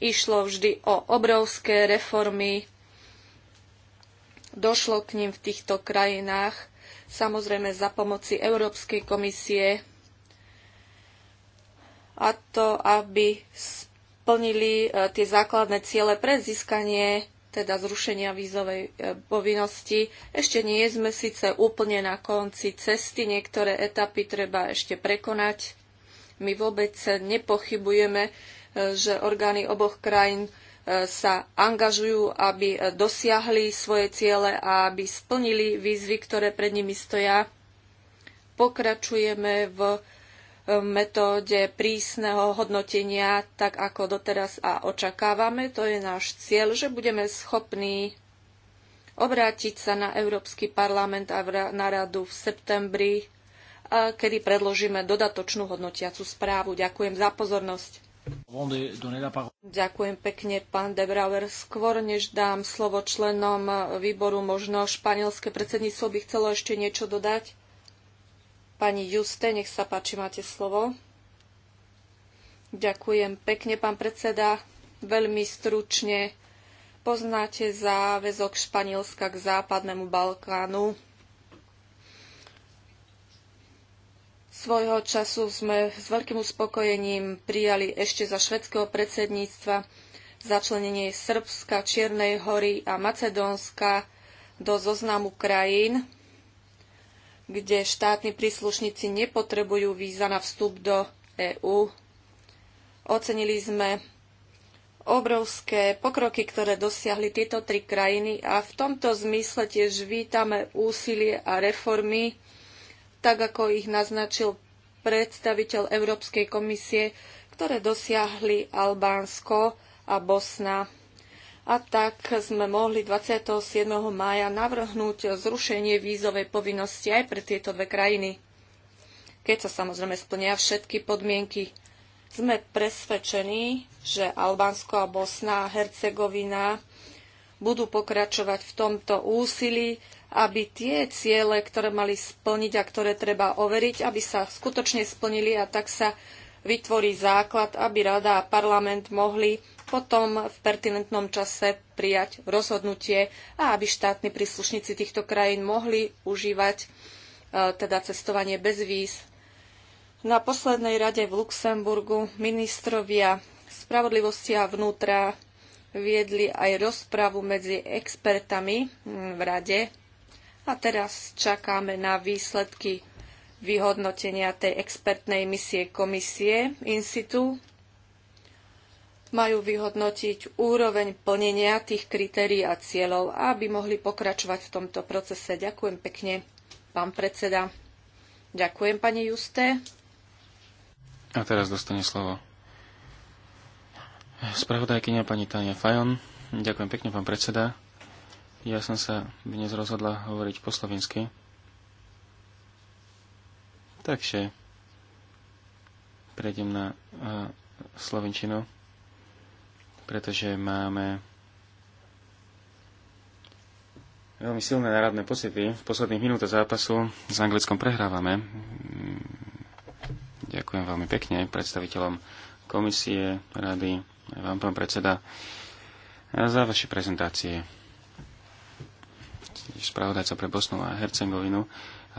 Išlo vždy o obrovské reformy Došlo k ním v týchto krajinách, samozrejme za pomoci Európskej komisie, a to, aby splnili e, tie základné ciele pre získanie teda zrušenia vízovej e, povinnosti. Ešte nie sme síce úplne na konci cesty, niektoré etapy treba ešte prekonať. My vôbec nepochybujeme, e, že orgány oboch krajín sa angažujú, aby dosiahli svoje ciele a aby splnili výzvy, ktoré pred nimi stoja. Pokračujeme v e, metóde prísneho hodnotenia, tak ako doteraz a očakávame. To je náš cieľ, že budeme schopní obrátiť sa na Európsky parlament a na radu v septembri, kedy predložíme dodatočnú hodnotiacu správu. Ďakujem za pozornosť. Ďakujem pekne, pán Debrauer. Skôr než dám slovo členom výboru, možno španielské predsedníctvo by chcelo ešte niečo dodať. Pani Juste, nech sa páči, máte slovo. Ďakujem pekne, pán predseda. Veľmi stručne poznáte záväzok Španielska k západnému Balkánu Svojho času sme s veľkým uspokojením prijali ešte za švedského predsedníctva začlenenie Srbska, Čiernej hory a Macedónska do zoznamu krajín, kde štátni príslušníci nepotrebujú víza na vstup do EÚ. Ocenili sme obrovské pokroky, ktoré dosiahli tieto tri krajiny a v tomto zmysle tiež vítame úsilie a reformy, tak ako ich naznačil predstaviteľ Európskej komisie, ktoré dosiahli Albánsko a Bosna. A tak sme mohli 27. mája navrhnúť zrušenie vízovej povinnosti aj pre tieto dve krajiny, keď sa samozrejme splnia všetky podmienky. Sme presvedčení, že Albánsko a Bosna a Hercegovina budú pokračovať v tomto úsilí aby tie ciele, ktoré mali splniť a ktoré treba overiť, aby sa skutočne splnili a tak sa vytvorí základ, aby rada a parlament mohli potom v pertinentnom čase prijať rozhodnutie a aby štátni príslušníci týchto krajín mohli užívať e, teda cestovanie bez víz. Na poslednej rade v Luxemburgu ministrovia spravodlivosti a vnútra viedli aj rozpravu medzi expertami v rade a teraz čakáme na výsledky vyhodnotenia tej expertnej misie komisie in situ. Majú vyhodnotiť úroveň plnenia tých kritérií a cieľov, aby mohli pokračovať v tomto procese. Ďakujem pekne, pán predseda. Ďakujem, pani Justé. A teraz dostane slovo spravodajkynia pani Tania Fajon. Ďakujem pekne, pán predseda. Ja som sa dnes rozhodla hovoriť po slovensky. Takže prejdem na uh, slovenčinu, pretože máme veľmi silné náradné pocity. V posledných minútach zápasu s Anglickom prehrávame. Ďakujem veľmi pekne predstaviteľom komisie, rady, vám pán predseda, za vaše prezentácie spravodajca pre Bosnu a Hercegovinu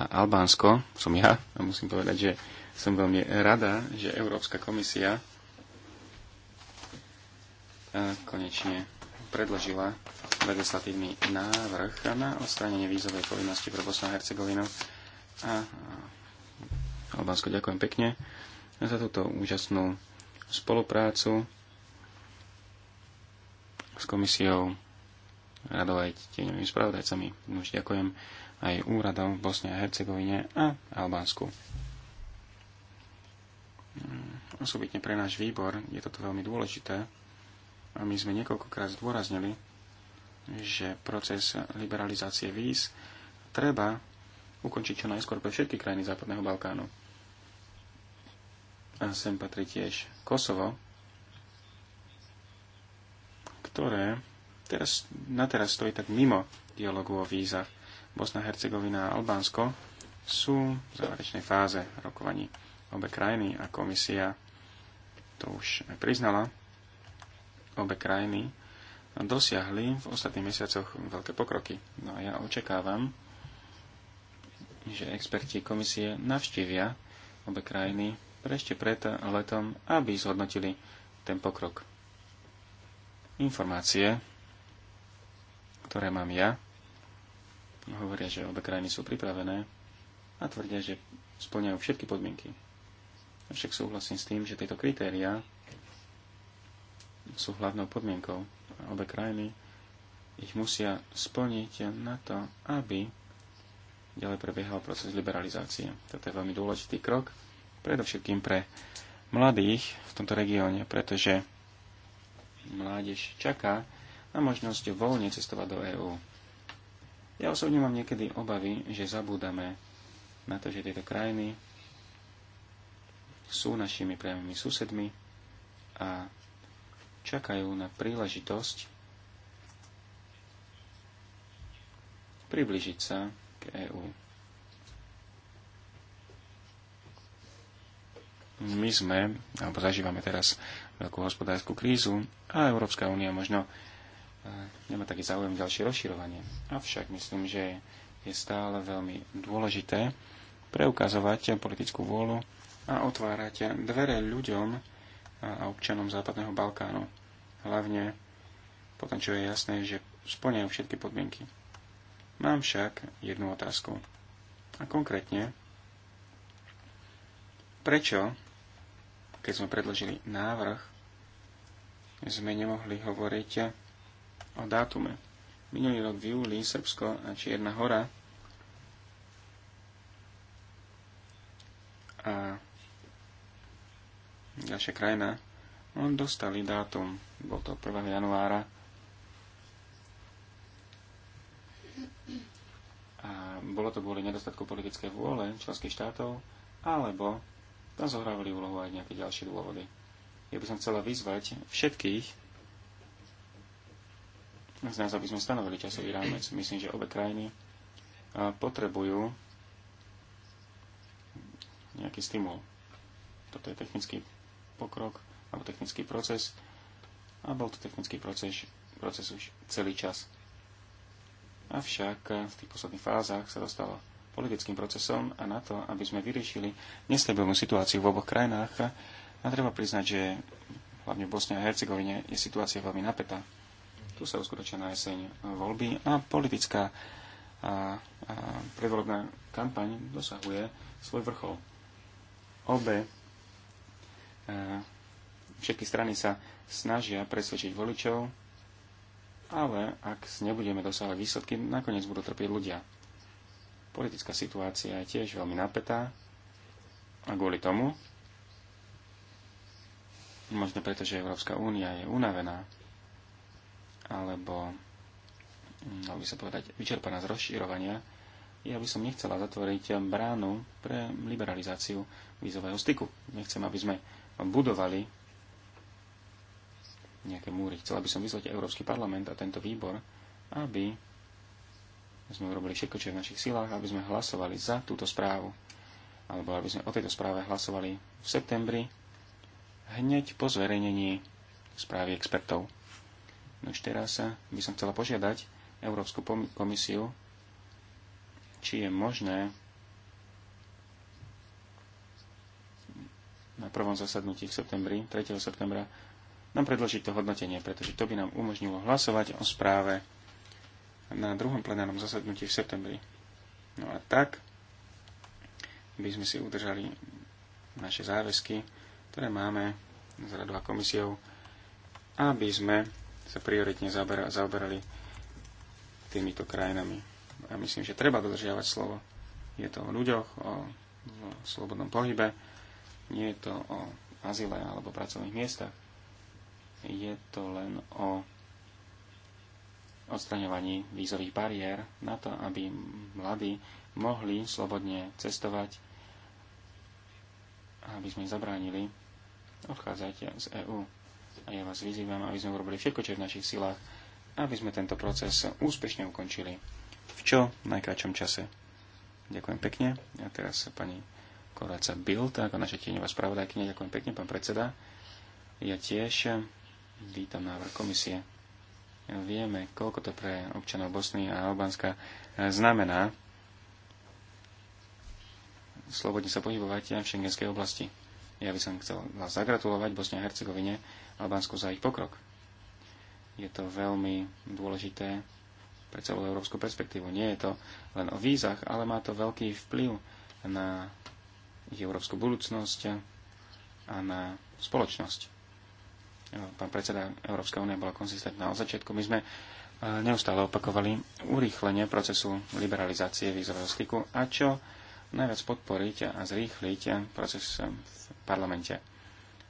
a Albánsko, som ja, a musím povedať, že som veľmi rada, že Európska komisia konečne predložila legislatívny návrh na odstránenie vízovej povinnosti pre Bosnu a Hercegovinu. A Albánsko ďakujem pekne za túto úžasnú spoluprácu s komisiou radou aj tieňovými spravodajcami. Už ďakujem aj úradom v Bosne a Hercegovine a Albánsku. Mm, osobitne pre náš výbor je toto veľmi dôležité a my sme niekoľkokrát zdôraznili, že proces liberalizácie víz treba ukončiť čo najskôr pre všetky krajiny Západného Balkánu. A sem patrí tiež Kosovo, ktoré teraz, na teraz stojí tak mimo dialogu o vízach. Bosna, Hercegovina a Albánsko sú v záverečnej fáze rokovaní obe krajiny a komisia to už aj priznala. Obe krajiny dosiahli v ostatných mesiacoch veľké pokroky. No a ja očakávam, že experti komisie navštívia obe krajiny ešte pred letom, aby zhodnotili ten pokrok. Informácie ktoré mám ja, hovoria, že obe krajiny sú pripravené a tvrdia, že splňajú všetky podmienky. však súhlasím s tým, že tieto kritériá sú hlavnou podmienkou a obe krajiny ich musia splniť na to, aby ďalej prebiehal proces liberalizácie. Toto je veľmi dôležitý krok, predovšetkým pre mladých v tomto regióne, pretože mládež čaká a možnosť voľne cestovať do EÚ. Ja osobne mám niekedy obavy, že zabúdame na to, že tieto krajiny sú našimi priamými susedmi a čakajú na príležitosť približiť sa k EÚ. My sme, alebo zažívame teraz veľkú hospodárskú krízu a Európska únia možno nemá taký záujem ďalšie rozširovanie. Avšak myslím, že je stále veľmi dôležité preukazovať politickú vôľu a otvárať dvere ľuďom a občanom Západného Balkánu. Hlavne potom, čo je jasné, že splňajú všetky podmienky. Mám však jednu otázku. A konkrétne, prečo, keď sme predložili návrh, sme nemohli hovoriť o dátume. Minulý rok v júli Srbsko a Čierna hora a ďalšia krajina on dostali dátum. Bol to 1. januára. A bolo to kvôli nedostatku politické vôle členských štátov, alebo tam zohrávali úlohu aj nejaké ďalšie dôvody. Ja by som chcela vyzvať všetkých, z nás, aby sme stanovili časový rámec. Myslím, že obe krajiny potrebujú nejaký stimul. Toto je technický pokrok alebo technický proces a bol to technický proces, proces už celý čas. Avšak v tých posledných fázach sa dostalo politickým procesom a na to, aby sme vyriešili nestabilnú situáciu v oboch krajinách, a treba priznať, že hlavne v Bosne a Hercegovine je situácia veľmi napätá tu sa uskutočia na jeseň voľby a politická a, a predvolebná kampaň dosahuje svoj vrchol. Obe a, všetky strany sa snažia presvedčiť voličov, ale ak nebudeme dosahovať výsledky, nakoniec budú trpieť ľudia. Politická situácia je tiež veľmi napätá a kvôli tomu, možno preto, že Európska únia je unavená alebo hm, dalo by sa povedať, vyčerpaná z rozširovania, ja by som nechcela zatvoriť bránu pre liberalizáciu vízového styku. Nechcem, aby sme budovali nejaké múry. Chcela by som vyzvať Európsky parlament a tento výbor, aby sme urobili všetko, čo je v našich silách, aby sme hlasovali za túto správu, alebo aby sme o tejto správe hlasovali v septembri, hneď po zverejnení správy expertov. No ešte teraz eh, by som chcela požiadať Európsku komisiu, či je možné na prvom zasadnutí v septembri, 3. septembra, nám predložiť to hodnotenie, pretože to by nám umožnilo hlasovať o správe na druhom plenárnom zasadnutí v septembri. No a tak by sme si udržali naše záväzky, ktoré máme z radou a komisiou, aby sme sa prioritne zaoberali týmito krajinami. Ja myslím, že treba dodržiavať slovo. Je to o ľuďoch, o, o slobodnom pohybe, nie je to o azile alebo pracovných miestach. Je to len o odstraňovaní vízových bariér na to, aby mladí mohli slobodne cestovať, aby sme zabránili odchádzať z EÚ. A ja vás vyzývam, aby sme urobili všetko, čo je v našich silách, aby sme tento proces úspešne ukončili v čo najkračom čase. Ďakujem pekne. A teraz pani Koráca Bild, ako naša tieňová spravodajkynia. Ďakujem pekne, pán predseda. Ja tiež vítam návrh komisie. Vieme, koľko to pre občanov Bosny a Albánska znamená slobodne sa pohybovať v šengenskej oblasti. Ja by som chcel vás zagratulovať Bosne a Hercegovine a Albánsku za ich pokrok. Je to veľmi dôležité pre celú európsku perspektívu. Nie je to len o vízach, ale má to veľký vplyv na ich európsku budúcnosť a na spoločnosť. Pán predseda Európska únia bola konzistentná od začiatku. My sme e, neustále opakovali urýchlenie procesu liberalizácie vízového styku a čo najviac podporiť a zrýchliť proces v parlamente.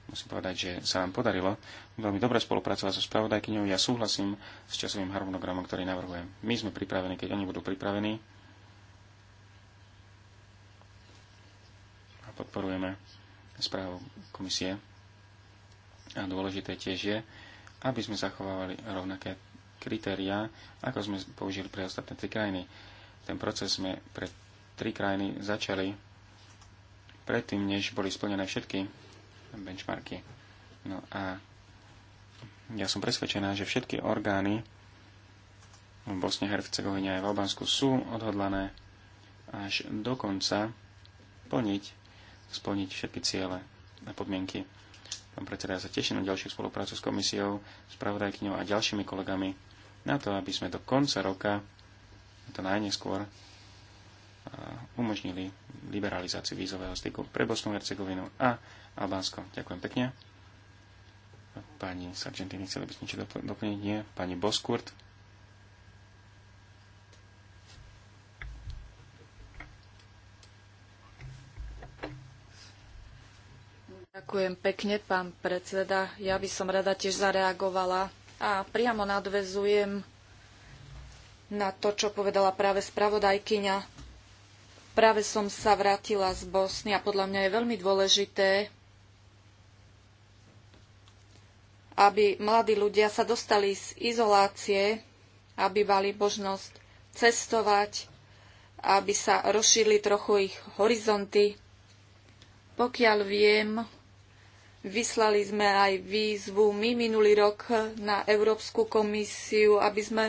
Musím povedať, že sa vám podarilo veľmi dobre spolupracovať so spravodajkyňou. Ja súhlasím s časovým harmonogramom, ktorý navrhujem. My sme pripravení, keď oni budú pripravení. A podporujeme správu komisie. A dôležité tiež je, aby sme zachovávali rovnaké kritériá, ako sme použili pre ostatné tri krajiny. Ten proces sme pred tri krajiny začali predtým, než boli splnené všetky benchmarky. No a ja som presvedčená, že všetky orgány v Bosne, Hercegovine aj v Albánsku sú odhodlané až do konca plniť, splniť všetky ciele a podmienky. Pán predseda, ja sa teším na ďalšiu spoluprácu s komisiou, s a ďalšími kolegami na to, aby sme do konca roka, to najneskôr, umožnili liberalizáciu vízového styku pre Bosnu, Hercegovinu a Albánsko. Ďakujem pekne. Pani Sargentini, chceli by ste niečo doplniť? Nie. Pani Boskurt. Ďakujem pekne, pán predseda. Ja by som rada tiež zareagovala a priamo nadvezujem na to, čo povedala práve spravodajkyňa Práve som sa vrátila z Bosny a podľa mňa je veľmi dôležité, aby mladí ľudia sa dostali z izolácie, aby mali možnosť cestovať, aby sa rozšírili trochu ich horizonty. Pokiaľ viem, vyslali sme aj výzvu my minulý rok na Európsku komisiu, aby sme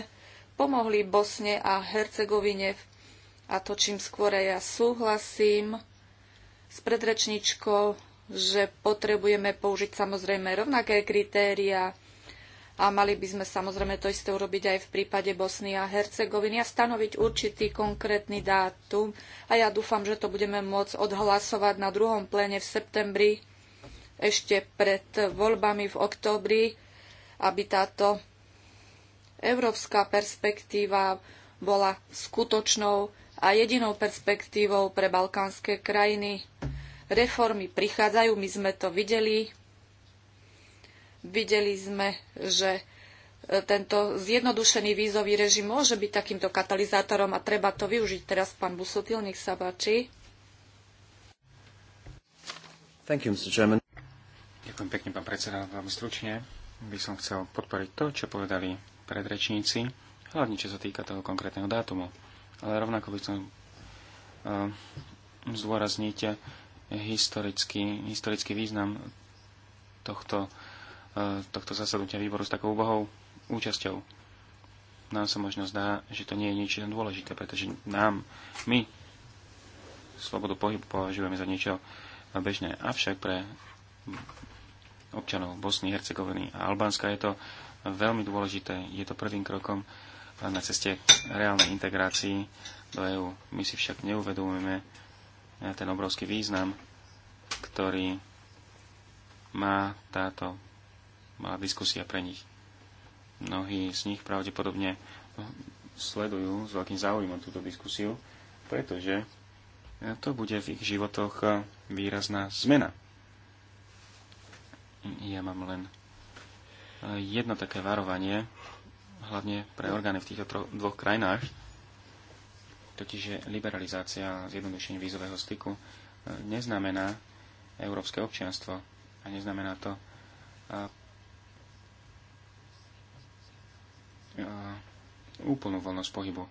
pomohli Bosne a Hercegovine v a to čím skôr ja súhlasím s predrečničkou, že potrebujeme použiť samozrejme rovnaké kritéria a mali by sme samozrejme to isté urobiť aj v prípade Bosny a Hercegoviny a stanoviť určitý konkrétny dátum a ja dúfam, že to budeme môcť odhlasovať na druhom plene v septembri ešte pred voľbami v októbri, aby táto európska perspektíva bola skutočnou a jedinou perspektívou pre balkánske krajiny. Reformy prichádzajú, my sme to videli. Videli sme, že e, tento zjednodušený vízový režim môže byť takýmto katalizátorom a treba to využiť. Teraz pán Busotil, nech sa páči. Thank you, Mr. Chairman. Ďakujem pekne, pán predseda, veľmi stručne. By som chcel podporiť to, čo povedali predrečníci, hlavne čo sa týka toho konkrétneho dátumu ale rovnako by som eh, zdôrazniť historický, historický význam tohto, eh, tohto zasadnutia výboru s takou úbohou účasťou. Nám sa možno zdá, že to nie je niečo dôležité, pretože nám, my, slobodu pohybu považujeme za niečo bežné. Avšak pre občanov Bosny, Hercegoviny a Albánska je to veľmi dôležité. Je to prvým krokom na ceste reálnej integrácii do EÚ. My si však neuvedomujeme ten obrovský význam, ktorý má táto malá diskusia pre nich. Mnohí z nich pravdepodobne sledujú s veľkým záujmom túto diskusiu, pretože to bude v ich životoch výrazná zmena. Ja mám len jedno také varovanie, hlavne pre orgány v týchto dvoch krajinách, totiž že liberalizácia a zjednodušenie vízového styku e, neznamená európske občianstvo a neznamená to a, e, a, e, úplnú voľnosť pohybu.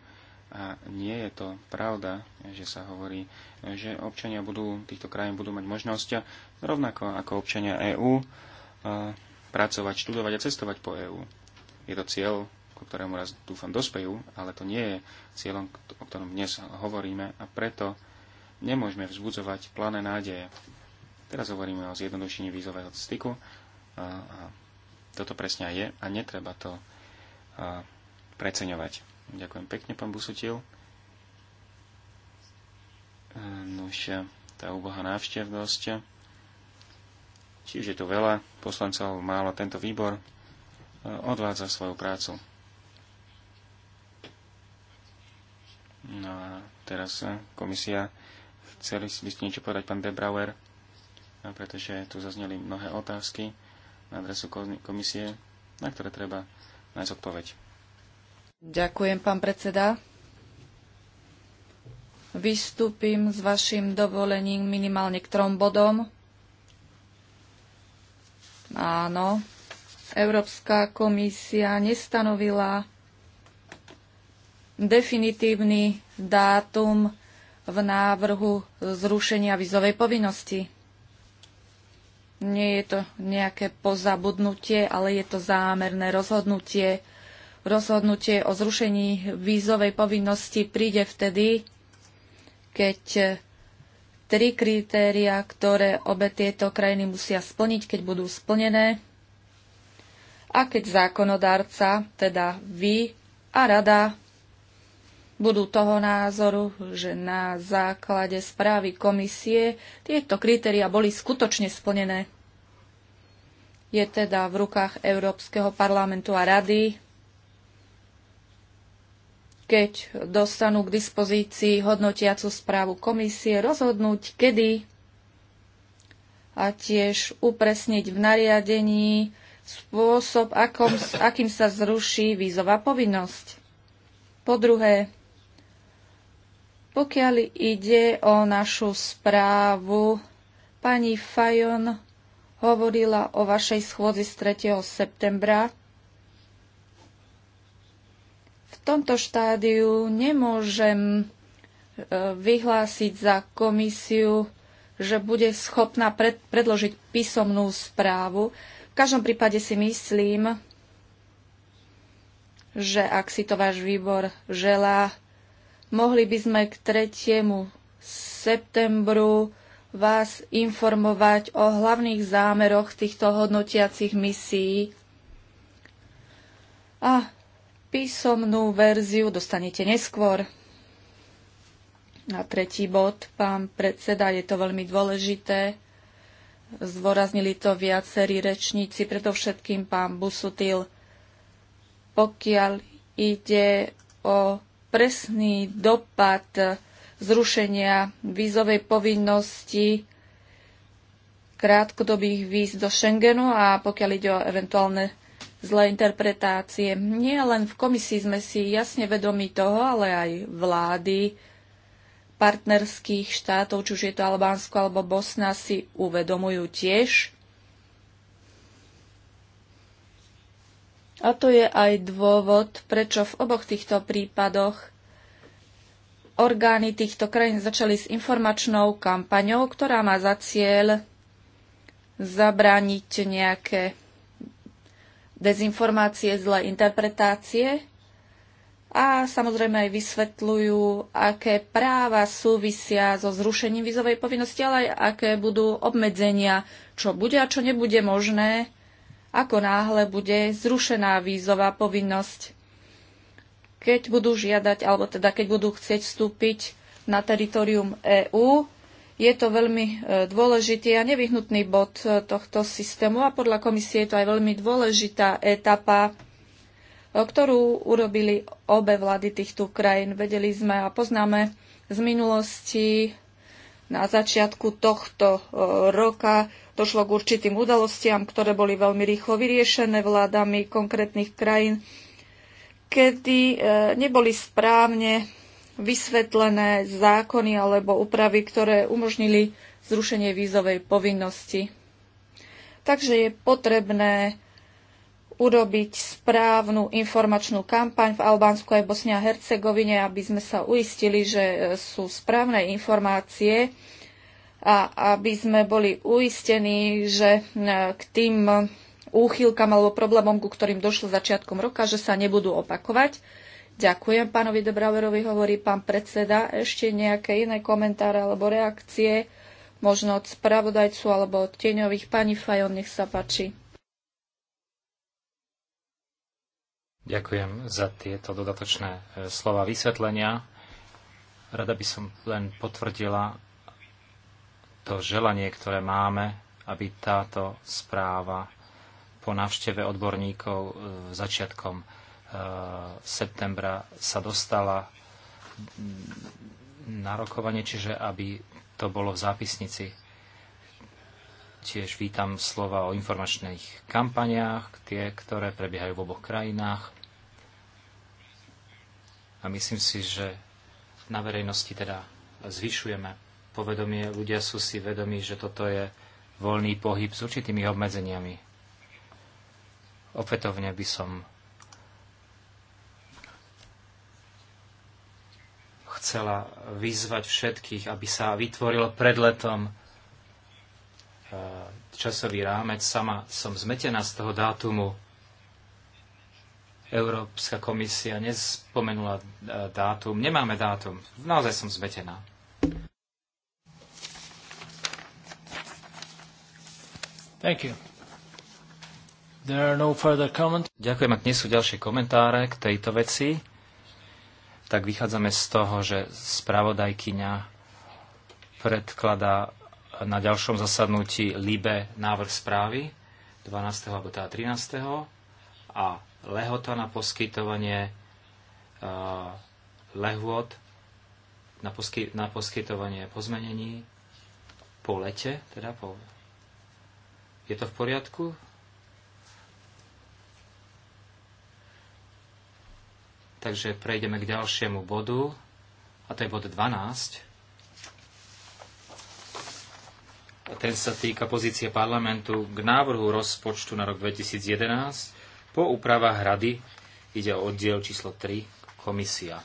A nie je to pravda, že sa hovorí, že občania budú, týchto krajín budú mať možnosť rovnako ako občania EÚ pracovať, študovať a cestovať po EÚ. Je to cieľ ku ktorému raz dúfam dospejú, ale to nie je cieľom, o ktorom dnes hovoríme a preto nemôžeme vzbudzovať plané nádeje. Teraz hovoríme o zjednodušení vízového styku a, a toto presne aj je a netreba to a, preceňovať. Ďakujem pekne, pán Busutil. Nož, tá úboha návštevnosť. Čiže je tu veľa poslancov, málo tento výbor odvádza svoju prácu. No a teraz eh, komisia. Chceli by ste niečo povedať, pán Debrauer? No, pretože tu zazneli mnohé otázky na adresu komisie, na ktoré treba nájsť odpoveď. Ďakujem, pán predseda. Vystúpim s vašim dovolením minimálne k trom bodom. Áno, Európska komisia nestanovila definitívny dátum v návrhu zrušenia vizovej povinnosti. Nie je to nejaké pozabudnutie, ale je to zámerné rozhodnutie. Rozhodnutie o zrušení vízovej povinnosti príde vtedy, keď tri kritéria, ktoré obe tieto krajiny musia splniť, keď budú splnené, a keď zákonodárca, teda vy a rada, budú toho názoru, že na základe správy komisie tieto kritéria boli skutočne splnené. Je teda v rukách Európskeho parlamentu a rady, keď dostanú k dispozícii hodnotiacu správu komisie, rozhodnúť kedy a tiež upresniť v nariadení spôsob, akom, akým sa zruší vízová povinnosť. Po druhé, pokiaľ ide o našu správu, pani Fajon hovorila o vašej schôdzi z 3. septembra. V tomto štádiu nemôžem e, vyhlásiť za komisiu, že bude schopná pred, predložiť písomnú správu. V každom prípade si myslím, že ak si to váš výbor želá, Mohli by sme k 3. septembru vás informovať o hlavných zámeroch týchto hodnotiacich misií a písomnú verziu dostanete neskôr. A tretí bod, pán predseda, je to veľmi dôležité. Zdôraznili to viacerí rečníci, predovšetkým pán Busutil. Pokiaľ ide o presný dopad zrušenia vízovej povinnosti krátkodobých víz do Schengenu a pokiaľ ide o eventuálne zlé interpretácie. Nie len v komisii sme si jasne vedomi toho, ale aj vlády partnerských štátov, či už je to Albánsko alebo Bosna, si uvedomujú tiež A to je aj dôvod, prečo v oboch týchto prípadoch orgány týchto krajín začali s informačnou kampaňou, ktorá má za cieľ zabrániť nejaké dezinformácie, zlé interpretácie a samozrejme aj vysvetľujú, aké práva súvisia so zrušením vizovej povinnosti, ale aj aké budú obmedzenia, čo bude a čo nebude možné ako náhle bude zrušená vízová povinnosť. Keď budú žiadať, alebo teda keď budú chcieť vstúpiť na teritorium EÚ, je to veľmi e, dôležitý a nevyhnutný bod e, tohto systému a podľa komisie je to aj veľmi dôležitá etapa, e, ktorú urobili obe vlády týchto krajín. Vedeli sme a poznáme z minulosti na začiatku tohto roka Došlo k určitým udalostiam, ktoré boli veľmi rýchlo vyriešené vládami konkrétnych krajín, kedy e, neboli správne vysvetlené zákony alebo úpravy, ktoré umožnili zrušenie vízovej povinnosti. Takže je potrebné urobiť správnu informačnú kampaň v Albánsku aj Bosne a Hercegovine, aby sme sa uistili, že e, sú správne informácie a aby sme boli uistení, že e, k tým úchylkám alebo problémom, ku ktorým došlo začiatkom roka, že sa nebudú opakovať. Ďakujem pánovi Debraverovi, hovorí pán predseda. Ešte nejaké iné komentáre alebo reakcie, možno od spravodajcu alebo od tieňových. Pani Fajon, nech sa páči. Ďakujem za tieto dodatočné e, slova vysvetlenia. Rada by som len potvrdila to želanie, ktoré máme, aby táto správa po návšteve odborníkov e, začiatkom e, septembra sa dostala mm, na rokovanie, čiže aby to bolo v zápisnici. Tiež vítam slova o informačných kampaniách, tie, ktoré prebiehajú v oboch krajinách. A myslím si, že na verejnosti teda zvyšujeme povedomie, ľudia sú si vedomí, že toto je voľný pohyb s určitými obmedzeniami. Opätovne by som chcela vyzvať všetkých, aby sa vytvoril pred letom e, časový rámec. Sama som zmetená z toho dátumu. Európska komisia nespomenula e, dátum. Nemáme dátum. Naozaj som zmetená. Thank you. There are no further Ďakujem, ak nie sú ďalšie komentáre k tejto veci, tak vychádzame z toho, že spravodajkyňa predkladá na ďalšom zasadnutí LIBE návrh správy 12. alebo teda 13. a lehota na poskytovanie uh, lehôd na, posky, na poskytovanie pozmenení po lete, teda po je to v poriadku? Takže prejdeme k ďalšiemu bodu, a to je bod 12. A ten sa týka pozície parlamentu k návrhu rozpočtu na rok 2011 po úpravách rady. Ide o oddiel číslo 3, komisia.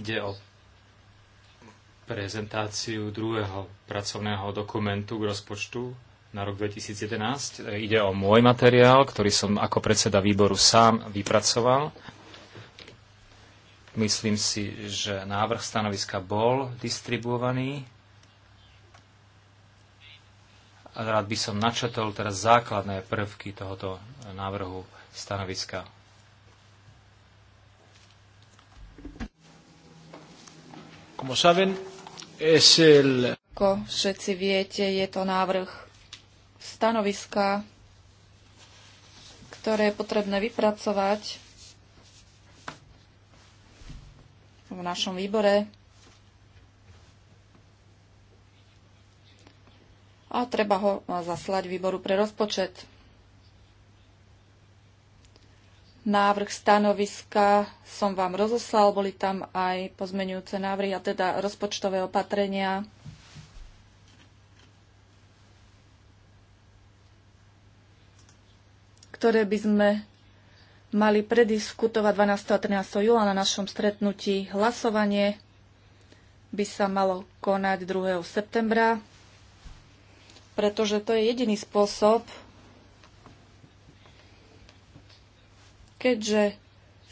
Ide o prezentáciu druhého pracovného dokumentu k rozpočtu na rok 2011. Ide o môj materiál, ktorý som ako predseda výboru sám vypracoval. Myslím si, že návrh stanoviska bol distribuovaný. Rád by som načetol teraz základné prvky tohoto návrhu stanoviska. Ako všetci viete, je to návrh stanoviska, ktoré je potrebné vypracovať v našom výbore. A treba ho zaslať výboru pre rozpočet. návrh stanoviska som vám rozoslal, boli tam aj pozmenujúce návrhy a teda rozpočtové opatrenia. ktoré by sme mali prediskutovať 12. a 13. júla na našom stretnutí. Hlasovanie by sa malo konať 2. septembra, pretože to je jediný spôsob, keďže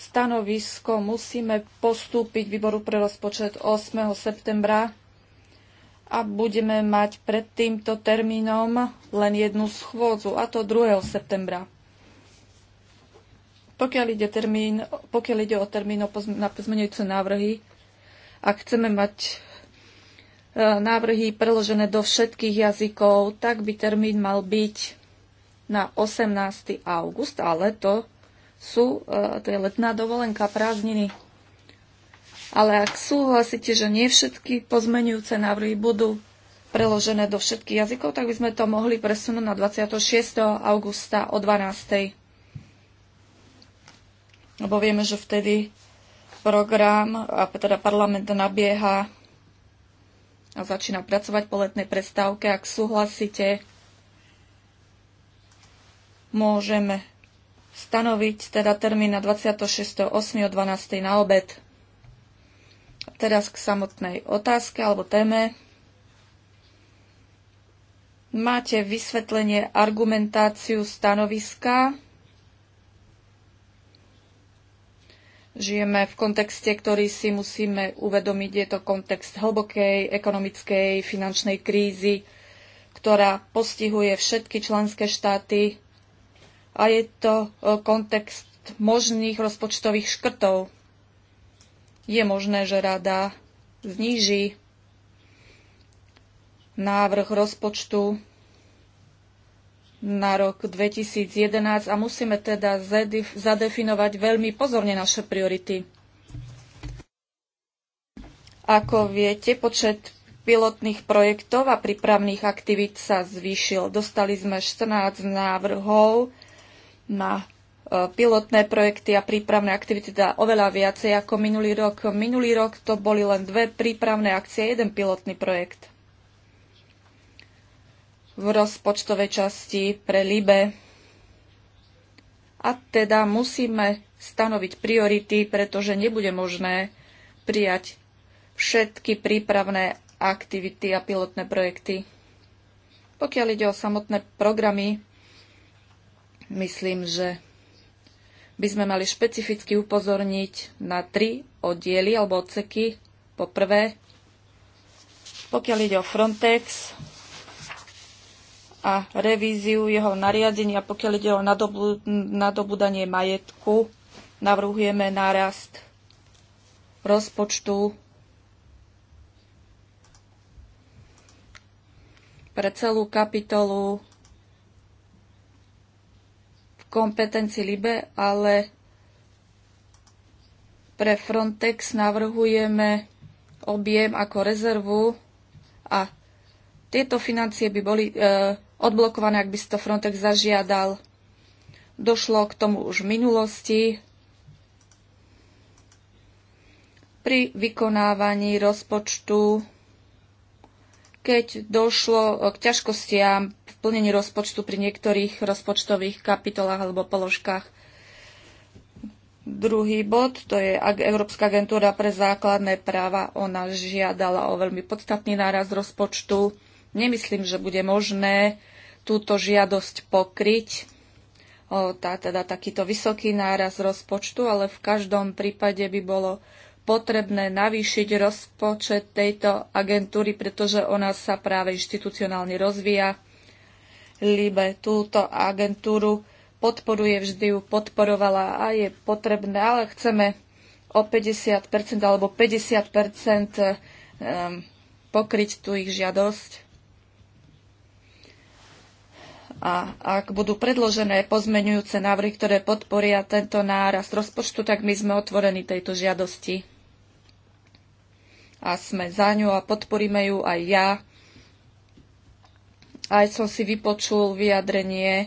stanovisko musíme postúpiť výboru pre rozpočet 8. septembra a budeme mať pred týmto termínom len jednu schôdzu, a to 2. septembra. Pokiaľ ide, termín, pokiaľ ide o termín na pozmeňujúce návrhy, ak chceme mať e, návrhy preložené do všetkých jazykov, tak by termín mal byť na 18. august, ale to sú, e, to je letná dovolenka, prázdniny. Ale ak súhlasíte, že nie všetky pozmenujúce návrhy budú preložené do všetkých jazykov, tak by sme to mohli presunúť na 26. augusta o 12. Lebo vieme, že vtedy program, a teda parlament nabieha a začína pracovať po letnej prestávke. Ak súhlasíte, môžeme stanoviť teda termín na 26.8. o 12. na obed. Teraz k samotnej otázke alebo téme. Máte vysvetlenie, argumentáciu stanoviska. Žijeme v kontexte, ktorý si musíme uvedomiť. Je to kontext hlbokej ekonomickej, finančnej krízy, ktorá postihuje všetky členské štáty a je to e, kontext možných rozpočtových škrtov. Je možné, že rada zníži návrh rozpočtu na rok 2011 a musíme teda zadefinovať veľmi pozorne naše priority. Ako viete, počet pilotných projektov a prípravných aktivít sa zvýšil. Dostali sme 14 návrhov na e, pilotné projekty a prípravné aktivity teda oveľa viacej ako minulý rok. Minulý rok to boli len dve prípravné akcie, jeden pilotný projekt v rozpočtovej časti pre LIBE. A teda musíme stanoviť priority, pretože nebude možné prijať všetky prípravné aktivity a pilotné projekty. Pokiaľ ide o samotné programy, Myslím, že by sme mali špecificky upozorniť na tri oddiely alebo odseky. Po prvé, pokiaľ ide o Frontex a revíziu jeho nariadenia, pokiaľ ide o nadobu, nadobudanie majetku, navrhujeme nárast rozpočtu pre celú kapitolu kompetencii LIBE, ale pre Frontex navrhujeme objem ako rezervu a tieto financie by boli e, odblokované, ak by si to Frontex zažiadal. Došlo k tomu už v minulosti pri vykonávaní rozpočtu, keď došlo k ťažkostiam plnení rozpočtu pri niektorých rozpočtových kapitolách alebo položkách. Druhý bod, to je Európska agentúra pre základné práva. Ona žiadala o veľmi podstatný náraz rozpočtu. Nemyslím, že bude možné túto žiadosť pokryť. O, tá, teda takýto vysoký náraz rozpočtu, ale v každom prípade by bolo potrebné navýšiť rozpočet tejto agentúry, pretože ona sa práve inštitucionálne rozvíja. Libe túto agentúru podporuje, vždy ju podporovala a je potrebné, ale chceme o 50% alebo 50% ehm, pokryť tú ich žiadosť. A ak budú predložené pozmenujúce návrhy, ktoré podporia tento nárast rozpočtu, tak my sme otvorení tejto žiadosti. A sme za ňu a podporíme ju aj ja aj som si vypočul vyjadrenie e,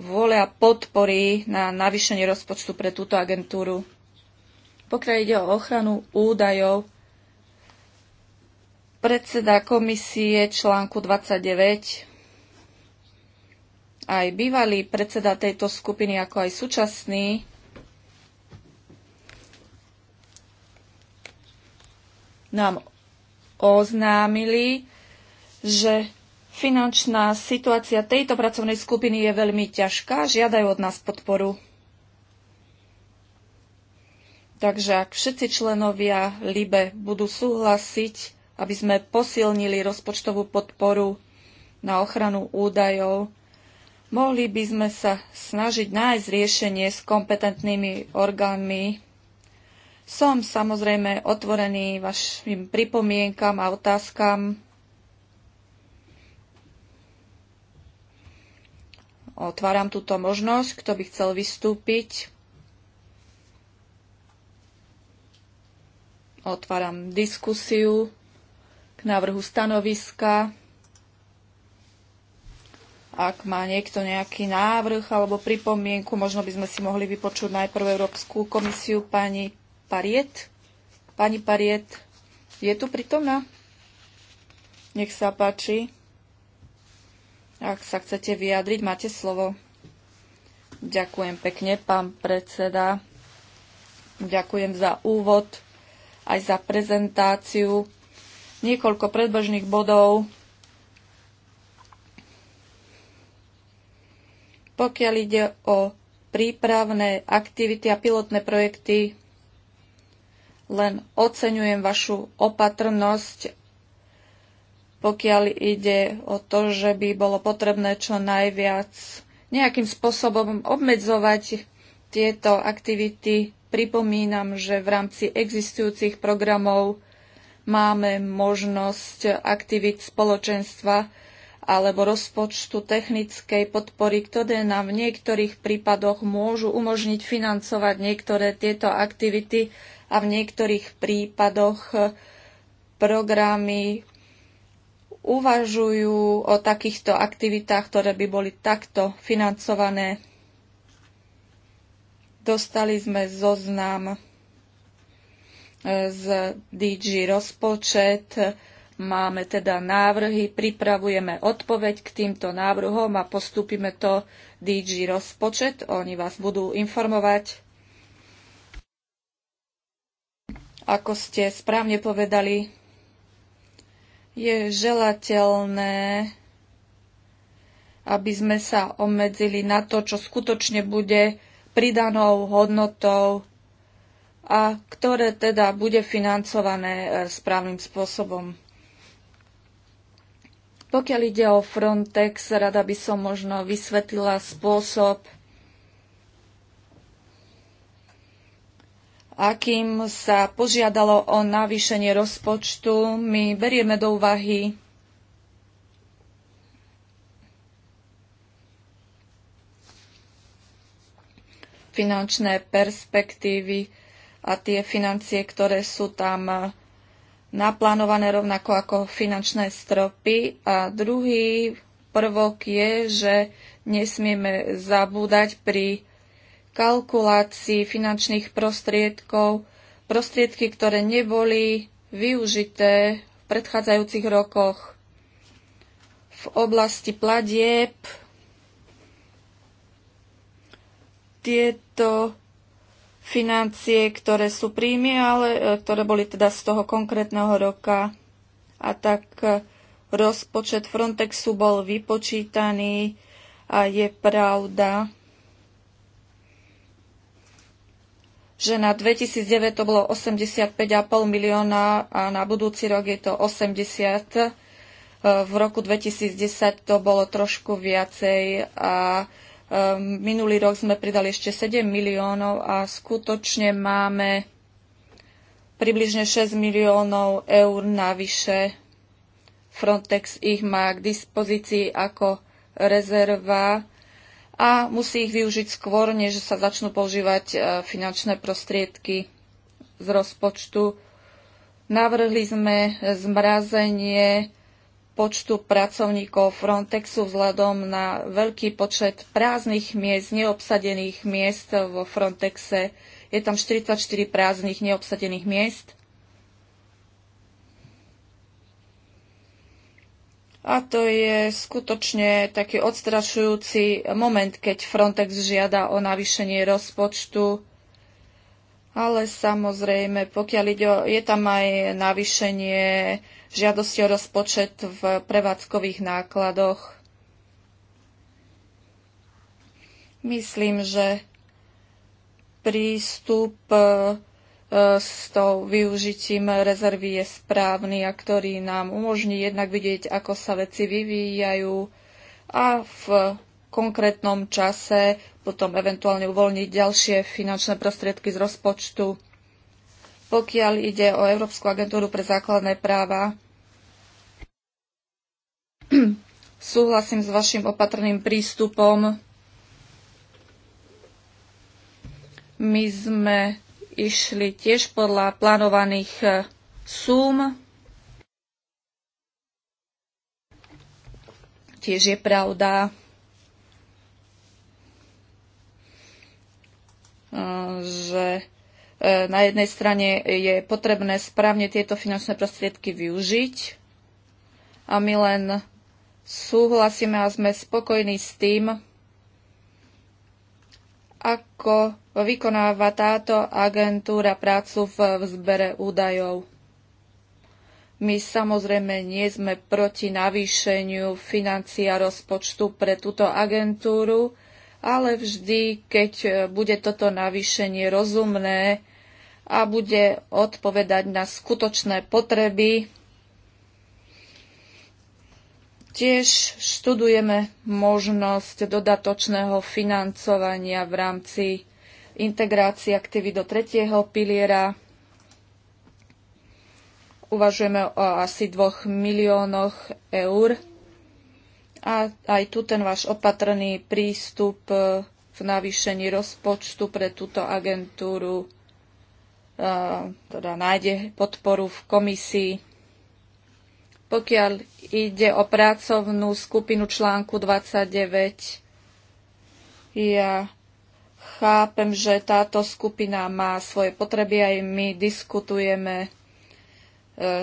vôle a podpory na navýšenie rozpočtu pre túto agentúru. Pokiaľ ide o ochranu údajov, predseda komisie článku 29, aj bývalý predseda tejto skupiny, ako aj súčasný, nám oznámili, že Finančná situácia tejto pracovnej skupiny je veľmi ťažká, žiadajú od nás podporu. Takže ak všetci členovia LIBE budú súhlasiť, aby sme posilnili rozpočtovú podporu na ochranu údajov, mohli by sme sa snažiť nájsť riešenie s kompetentnými orgánmi. Som samozrejme otvorený vašim pripomienkam a otázkam. Otváram túto možnosť, kto by chcel vystúpiť. Otváram diskusiu k návrhu stanoviska. Ak má niekto nejaký návrh alebo pripomienku, možno by sme si mohli vypočuť najprv Európsku komisiu pani Pariet. Pani Pariet, je tu pritomná? Nech sa páči. Ak sa chcete vyjadriť, máte slovo. Ďakujem pekne, pán predseda. Ďakujem za úvod, aj za prezentáciu. Niekoľko predbežných bodov. Pokiaľ ide o prípravné aktivity a pilotné projekty, len oceňujem vašu opatrnosť pokiaľ ide o to, že by bolo potrebné čo najviac nejakým spôsobom obmedzovať tieto aktivity. Pripomínam, že v rámci existujúcich programov máme možnosť aktivít spoločenstva alebo rozpočtu technickej podpory, ktoré nám v niektorých prípadoch môžu umožniť financovať niektoré tieto aktivity a v niektorých prípadoch programy uvažujú o takýchto aktivitách, ktoré by boli takto financované. Dostali sme zoznam e, z DG rozpočet, máme teda návrhy, pripravujeme odpoveď k týmto návrhom a postupíme to DG rozpočet. Oni vás budú informovať. Ako ste správne povedali, je želateľné, aby sme sa obmedzili na to, čo skutočne bude pridanou hodnotou a ktoré teda bude financované e, správnym spôsobom. Pokiaľ ide o Frontex, rada by som možno vysvetlila spôsob, akým sa požiadalo o navýšenie rozpočtu. My berieme do úvahy finančné perspektívy a tie financie, ktoré sú tam naplánované rovnako ako finančné stropy. A druhý prvok je, že nesmieme zabúdať pri kalkulácii finančných prostriedkov, prostriedky, ktoré neboli využité v predchádzajúcich rokoch. V oblasti pladieb tieto financie, ktoré sú príjmy, ale e, ktoré boli teda z toho konkrétneho roka. A tak e, rozpočet Frontexu bol vypočítaný a je pravda, že na 2009 to bolo 85,5 milióna a na budúci rok je to 80. E, v roku 2010 to bolo trošku viacej a e, minulý rok sme pridali ešte 7 miliónov a skutočne máme približne 6 miliónov eur navyše. Frontex ich má k dispozícii ako rezerva a musí ich využiť skôr, než sa začnú používať e, finančné prostriedky z rozpočtu. Navrhli sme zmrazenie počtu pracovníkov Frontexu vzhľadom na veľký počet prázdnych miest, neobsadených miest vo Frontexe. Je tam 44 prázdnych neobsadených miest A to je skutočne taký odstrašujúci moment, keď Frontex žiada o navýšenie rozpočtu. Ale samozrejme, pokiaľ ide o, je tam aj navýšenie žiadosti o rozpočet v prevádzkových nákladoch. Myslím, že prístup s tou využitím rezervy je správny a ktorý nám umožní jednak vidieť, ako sa veci vyvíjajú a v konkrétnom čase potom eventuálne uvoľniť ďalšie finančné prostriedky z rozpočtu. Pokiaľ ide o Európsku agentúru pre základné práva, súhlasím s vašim opatrným prístupom. My sme išli tiež podľa plánovaných e, súm. Tiež je pravda, e, že e, na jednej strane je potrebné správne tieto finančné prostriedky využiť a my len súhlasíme a sme spokojní s tým, ako vykonáva táto agentúra prácu v zbere údajov. My samozrejme nie sme proti navýšeniu financia rozpočtu pre túto agentúru, ale vždy, keď bude toto navýšenie rozumné a bude odpovedať na skutočné potreby Tiež študujeme možnosť dodatočného financovania v rámci integrácie aktivy do tretieho piliera. Uvažujeme o asi 2 miliónoch eur. A aj tu ten váš opatrný prístup e, v navýšení rozpočtu pre túto agentúru e, teda nájde podporu v komisii. Pokiaľ ide o pracovnú skupinu článku 29, ja chápem, že táto skupina má svoje potreby, aj my diskutujeme e,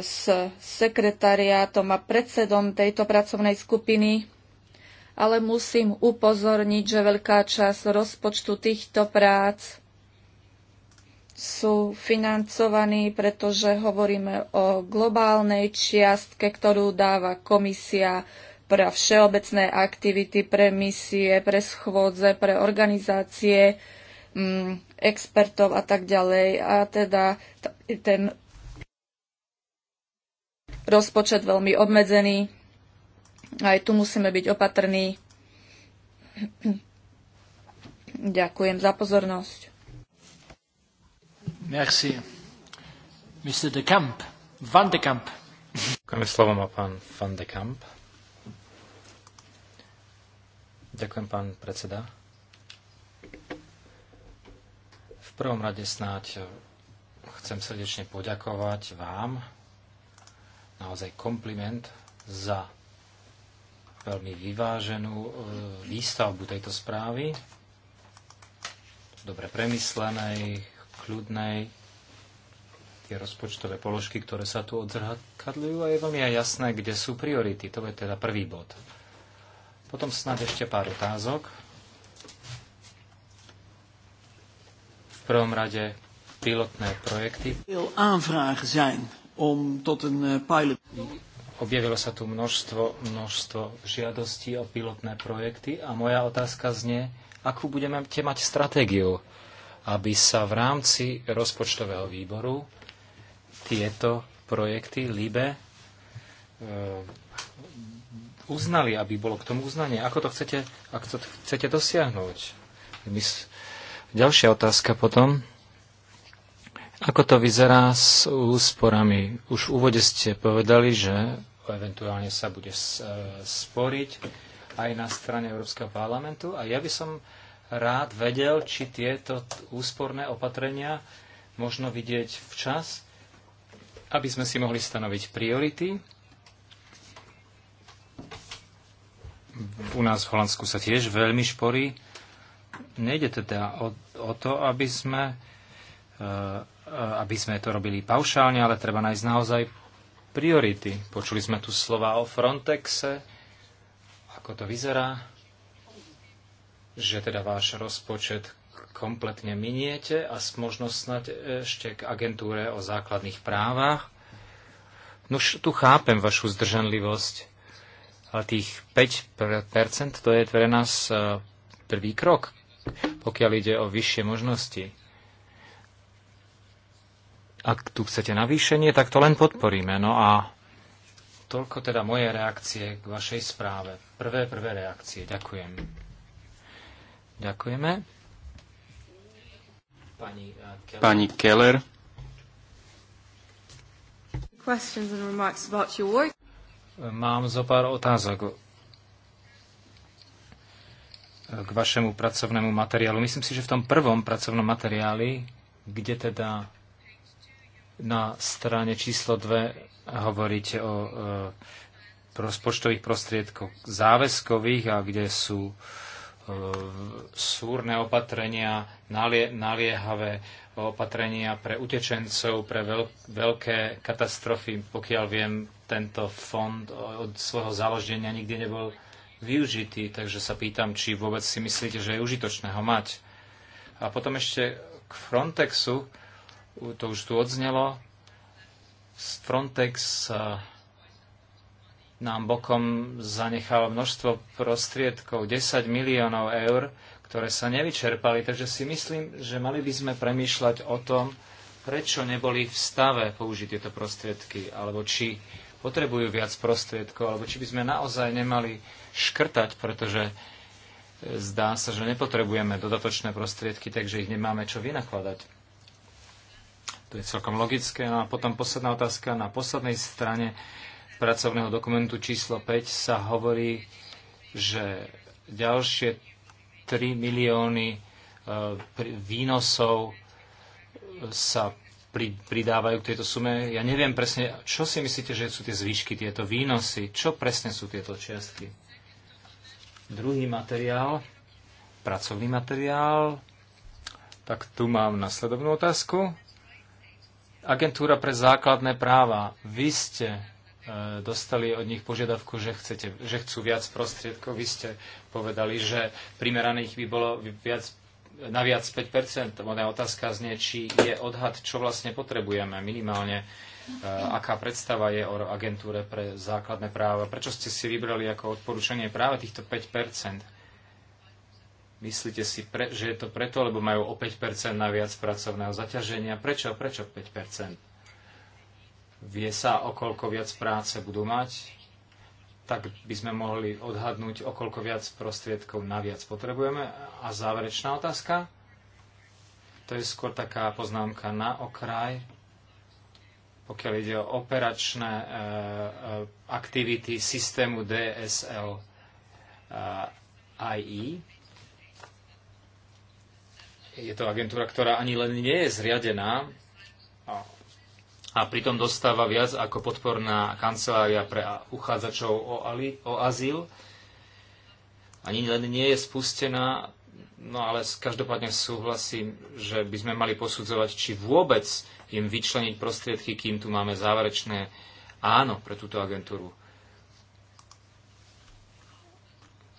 s sekretariátom a predsedom tejto pracovnej skupiny, ale musím upozorniť, že veľká časť rozpočtu týchto prác sú financovaní, pretože hovoríme o globálnej čiastke, ktorú dáva komisia pre všeobecné aktivity, pre misie, pre schôdze, pre organizácie m, mm, expertov a tak ďalej. A teda ten rozpočet veľmi obmedzený. Aj tu musíme byť opatrní. Ďakujem za pozornosť. Merci. Mr. de Camp. Van de Camp. slovo má pán Van de Camp. Ďakujem, pán predseda. V prvom rade snáď chcem srdečne poďakovať vám, naozaj kompliment za veľmi vyváženú e, výstavbu tejto správy, dobre premyslenej, kľudnej. Tie rozpočtové položky, ktoré sa tu odzrkadľujú a je veľmi aj jasné, kde sú priority. To je teda prvý bod. Potom snad ešte pár otázok. V prvom rade pilotné projekty. Eh, Objavilo sa tu množstvo, množstvo žiadostí o pilotné projekty a moja otázka znie, akú budeme mať stratégiu aby sa v rámci rozpočtového výboru tieto projekty LIBE e, uznali, aby bolo k tomu uznanie. Ako to chcete, ak to chcete dosiahnuť? Ďalšia otázka potom. Ako to vyzerá s úsporami? Už v úvode ste povedali, že eventuálne sa bude e, sporiť aj na strane Európskeho parlamentu. A ja by som rád vedel, či tieto úsporné opatrenia možno vidieť včas, aby sme si mohli stanoviť priority. U nás v Holandsku sa tiež veľmi šporí. Nejde teda o, o to, aby sme, eh, aby sme to robili paušálne, ale treba nájsť naozaj priority. Počuli sme tu slova o Frontexe, ako to vyzerá že teda váš rozpočet kompletne miniete a možno snať ešte k agentúre o základných právach. No tu chápem vašu zdržanlivosť, ale tých 5% to je pre nás e, prvý krok, pokiaľ ide o vyššie možnosti. Ak tu chcete navýšenie, tak to len podporíme. No a toľko teda moje reakcie k vašej správe. Prvé, prvé reakcie. Ďakujem. Ďakujeme. Pani uh, Keller. Pani Keller. Questions and remarks about your work. Mám zo pár otázok k vašemu pracovnému materiálu. Myslím si, že v tom prvom pracovnom materiáli, kde teda na strane číslo 2 hovoríte o e, rozpočtových prostriedkoch záväzkových a kde sú e, súrne opatrenia, naliehavé opatrenia pre utečencov, pre veľké katastrofy. Pokiaľ viem, tento fond od svojho založenia nikdy nebol využitý, takže sa pýtam, či vôbec si myslíte, že je užitočné ho mať. A potom ešte k Frontexu, to už tu odznelo, Frontex nám bokom zanechalo množstvo prostriedkov, 10 miliónov eur, ktoré sa nevyčerpali. Takže si myslím, že mali by sme premýšľať o tom, prečo neboli v stave použiť tieto prostriedky, alebo či potrebujú viac prostriedkov, alebo či by sme naozaj nemali škrtať, pretože e, zdá sa, že nepotrebujeme dodatočné prostriedky, takže ich nemáme čo vynakladať. To je celkom logické. No a potom posledná otázka. Na poslednej strane pracovného dokumentu číslo 5 sa hovorí, že ďalšie 3 milióny e, výnosov e, sa pridávajú k tejto sume. Ja neviem presne, čo si myslíte, že sú tie zvyšky, tieto výnosy, čo presne sú tieto čiastky. Druhý materiál, pracovný materiál, tak tu mám nasledovnú otázku. Agentúra pre základné práva. Vy ste Eh, dostali od nich požiadavku, že, chcete, že chcú viac prostriedkov. Vy ste povedali, že primeraných by bolo viac, na viac 5 Moja otázka znie, či je odhad, čo vlastne potrebujeme minimálne, eh, aká predstava je o agentúre pre základné práva. Prečo ste si vybrali ako odporúčanie práve týchto 5 Myslíte si, že je to preto, lebo majú o 5% na viac pracovného zaťaženia? Prečo? Prečo 5%? Vie sa, koľko viac práce budú mať, tak by sme mohli odhadnúť, okolko viac prostriedkov naviac potrebujeme. A záverečná otázka? To je skôr taká poznámka na okraj. Pokiaľ ide o operačné e, e aktivity systému DSL e, IE, je to agentúra, ktorá ani len nie je zriadená a pritom dostáva viac ako podporná kancelária pre uchádzačov o, ali, o azyl. Ani len nie je spustená, no ale každopádne súhlasím, že by sme mali posudzovať, či vôbec im vyčleniť prostriedky, kým tu máme záverečné áno pre túto agentúru.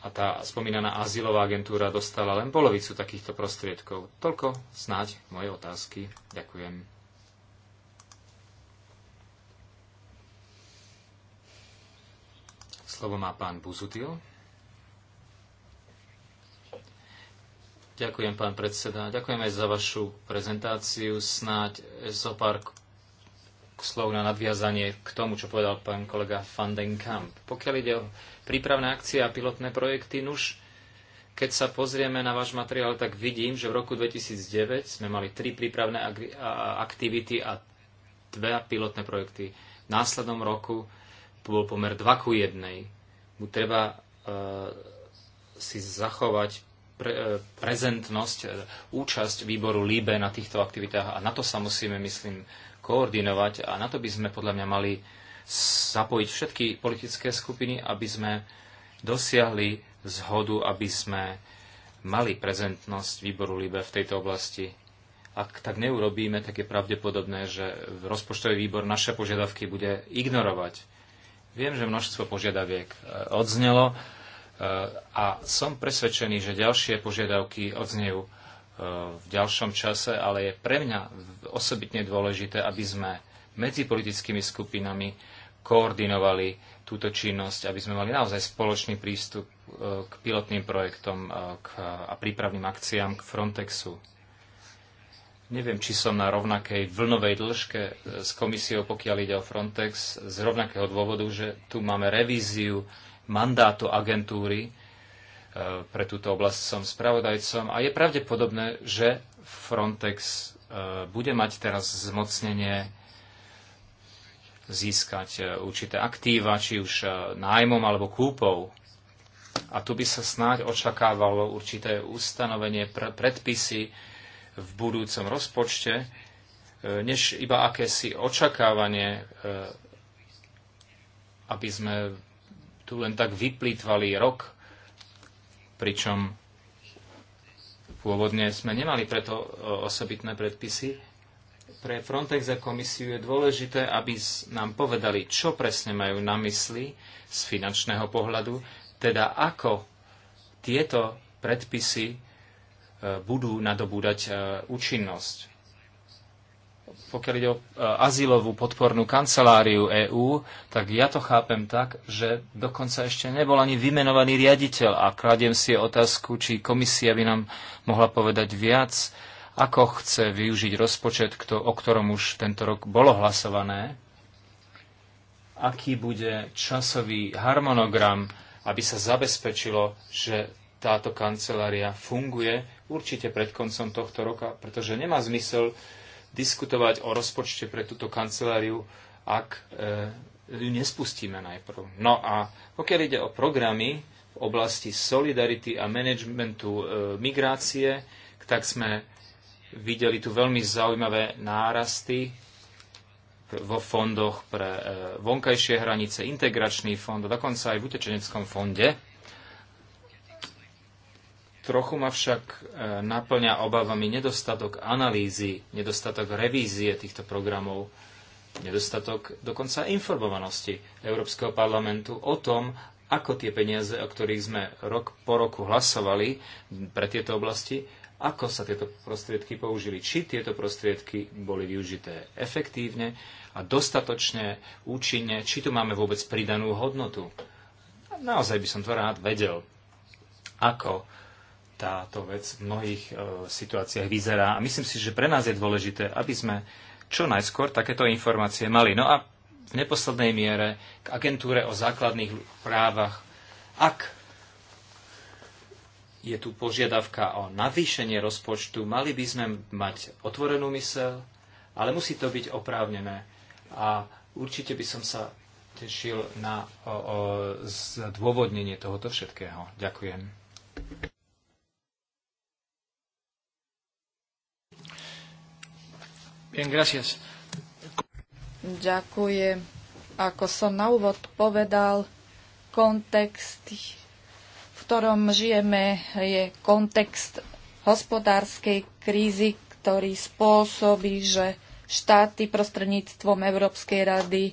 A tá spomínaná azylová agentúra dostala len polovicu takýchto prostriedkov. Toľko snáď moje otázky. Ďakujem. Slovo má pán Buzutil. Ďakujem, pán predseda. Ďakujem aj za vašu prezentáciu. Snáď zo pár slov na nadviazanie k tomu, čo povedal pán kolega Van den Kamp. Pokiaľ ide o prípravné akcie a pilotné projekty, nuž, keď sa pozrieme na váš materiál, tak vidím, že v roku 2009 sme mali tri prípravné aktivity a dve pilotné projekty. V následnom roku to bol pomer 2 ku 1. Treba e, si zachovať pre, e, prezentnosť, e, účasť výboru líbe na týchto aktivitách a na to sa musíme, myslím, koordinovať a na to by sme podľa mňa mali zapojiť všetky politické skupiny, aby sme dosiahli zhodu, aby sme mali prezentnosť výboru líbe v tejto oblasti. Ak tak neurobíme, tak je pravdepodobné, že rozpočtový výbor naše požiadavky bude ignorovať Viem, že množstvo požiadaviek e, odznelo e, a som presvedčený, že ďalšie požiadavky odznejú e, v ďalšom čase, ale je pre mňa osobitne dôležité, aby sme medzi politickými skupinami koordinovali túto činnosť, aby sme mali naozaj spoločný prístup k pilotným projektom a prípravným akciám k Frontexu. Neviem, či som na rovnakej vlnovej dĺžke e, s komisiou, pokiaľ ide o Frontex, z rovnakého dôvodu, že tu máme revíziu mandátu agentúry. E, pre túto oblasť som spravodajcom a je pravdepodobné, že Frontex e, bude mať teraz zmocnenie získať určité aktíva, či už nájmom alebo kúpou. A tu by sa snáď očakávalo určité ustanovenie, predpisy, v budúcom rozpočte, e, než iba akési očakávanie, e, aby sme tu len tak vyplýtvali rok, pričom pôvodne sme nemali preto e, osobitné predpisy. Pre Frontex a komisiu je dôležité, aby nám povedali, čo presne majú na mysli z finančného pohľadu, teda ako tieto predpisy budú nadobúdať e, účinnosť. Pokiaľ ide o e, azylovú podpornú kanceláriu EÚ, tak ja to chápem tak, že dokonca ešte nebol ani vymenovaný riaditeľ a kladiem si otázku, či komisia by nám mohla povedať viac, ako chce využiť rozpočet, kto, o ktorom už tento rok bolo hlasované, aký bude časový harmonogram, aby sa zabezpečilo, že táto kancelária funguje určite pred koncom tohto roka, pretože nemá zmysel diskutovať o rozpočte pre túto kanceláriu, ak e, ju nespustíme najprv. No a pokiaľ ide o programy v oblasti solidarity a managementu e, migrácie, tak sme videli tu veľmi zaujímavé nárasty vo fondoch pre e, vonkajšie hranice, integračný fond a dokonca aj v utečeneckom fonde. Trochu ma však e, naplňa obavami nedostatok analýzy, nedostatok revízie týchto programov, nedostatok dokonca informovanosti Európskeho parlamentu o tom, ako tie peniaze, o ktorých sme rok po roku hlasovali pre tieto oblasti, ako sa tieto prostriedky použili, či tieto prostriedky boli využité efektívne a dostatočne účinne, či tu máme vôbec pridanú hodnotu. Naozaj by som to rád vedel, ako táto vec v mnohých e, situáciách vyzerá. A myslím si, že pre nás je dôležité, aby sme čo najskôr takéto informácie mali. No a v neposlednej miere k agentúre o základných právach. Ak je tu požiadavka o navýšenie rozpočtu, mali by sme mať otvorenú mysel, ale musí to byť oprávnené. A určite by som sa tešil na o, o, zdôvodnenie tohoto všetkého. Ďakujem. Bien, gracias. Ďakujem. Ako som na úvod povedal, kontext, v ktorom žijeme, je kontext hospodárskej krízy, ktorý spôsobí, že štáty prostredníctvom Európskej rady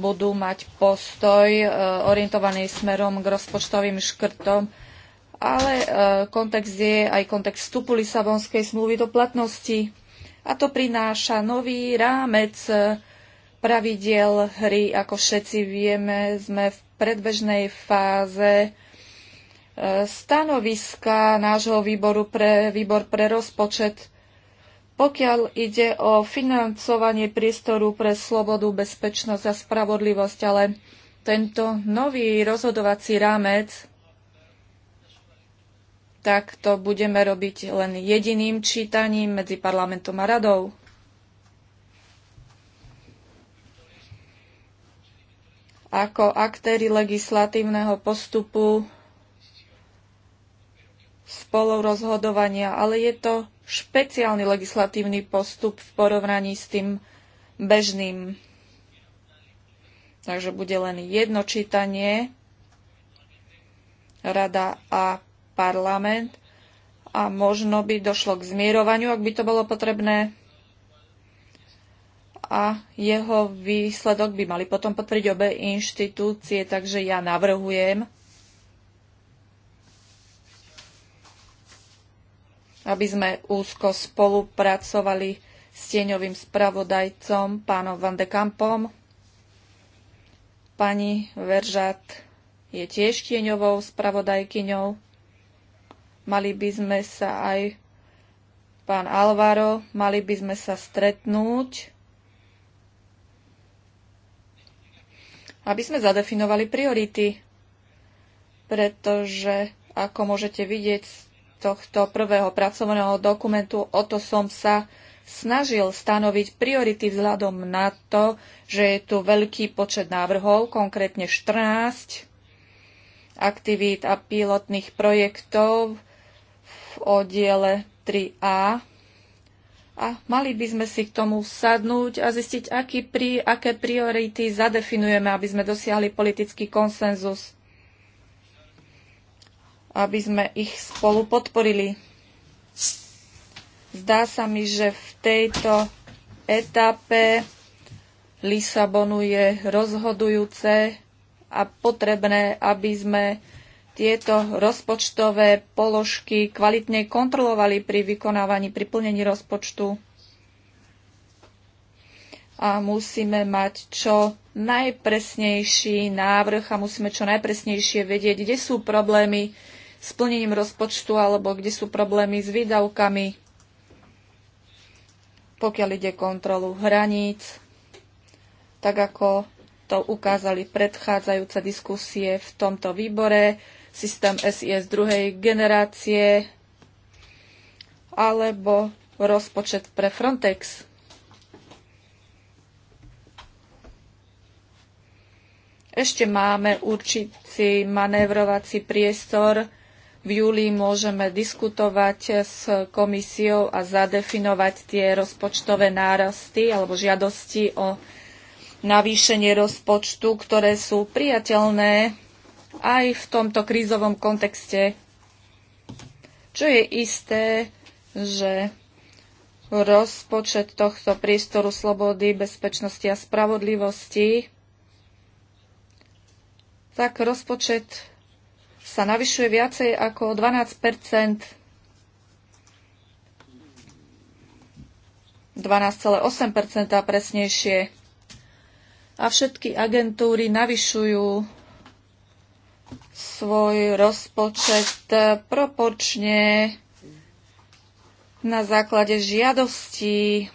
budú mať postoj e, orientovaný smerom k rozpočtovým škrtom, ale e, kontext je aj kontext vstupu Lisabonskej smluvy do platnosti a to prináša nový rámec eh, pravidiel hry. Ako všetci vieme, sme v predbežnej fáze eh, stanoviska nášho výboru pre výbor pre rozpočet. Pokiaľ ide o financovanie priestoru pre slobodu, bezpečnosť a spravodlivosť, ale tento nový rozhodovací rámec tak to budeme robiť len jediným čítaním medzi parlamentom a radou. Ako aktéry legislatívneho postupu spolurozhodovania, ale je to špeciálny legislatívny postup v porovnaní s tým bežným. Takže bude len jedno čítanie. Rada a parlament a možno by došlo k zmierovaniu, ak by to bolo potrebné. A jeho výsledok by mali potom potvrdiť obe inštitúcie, takže ja navrhujem, aby sme úzko spolupracovali s tieňovým spravodajcom, pánom Van de Kampom. Pani Veržat je tiež tieňovou spravodajkyňou. Mali by sme sa aj, pán Alvaro, mali by sme sa stretnúť, aby sme zadefinovali priority. Pretože, ako môžete vidieť z tohto prvého pracovného dokumentu, o to som sa snažil stanoviť priority vzhľadom na to, že je tu veľký počet návrhov, konkrétne 14 aktivít a pilotných projektov v oddiele 3a. A mali by sme si k tomu sadnúť a zistiť, aký pri, aké priority zadefinujeme, aby sme dosiahli politický konsenzus, aby sme ich spolu podporili. Zdá sa mi, že v tejto etape Lisabonu je rozhodujúce a potrebné, aby sme tieto rozpočtové položky kvalitne kontrolovali pri vykonávaní, pri plnení rozpočtu. A musíme mať čo najpresnejší návrh a musíme čo najpresnejšie vedieť, kde sú problémy s plnením rozpočtu alebo kde sú problémy s výdavkami, pokiaľ ide kontrolu hraníc, tak ako to ukázali predchádzajúce diskusie v tomto výbore systém SIS druhej generácie alebo rozpočet pre Frontex. Ešte máme určitý manévrovací priestor. V júli môžeme diskutovať s komisiou a zadefinovať tie rozpočtové nárasty alebo žiadosti o navýšenie rozpočtu, ktoré sú priateľné aj v tomto krízovom kontexte. Čo je isté, že rozpočet tohto priestoru slobody, bezpečnosti a spravodlivosti, tak rozpočet sa navyšuje viacej ako 12 12,8 presnejšie. A všetky agentúry navyšujú svoj rozpočet proporčne na základe žiadostí,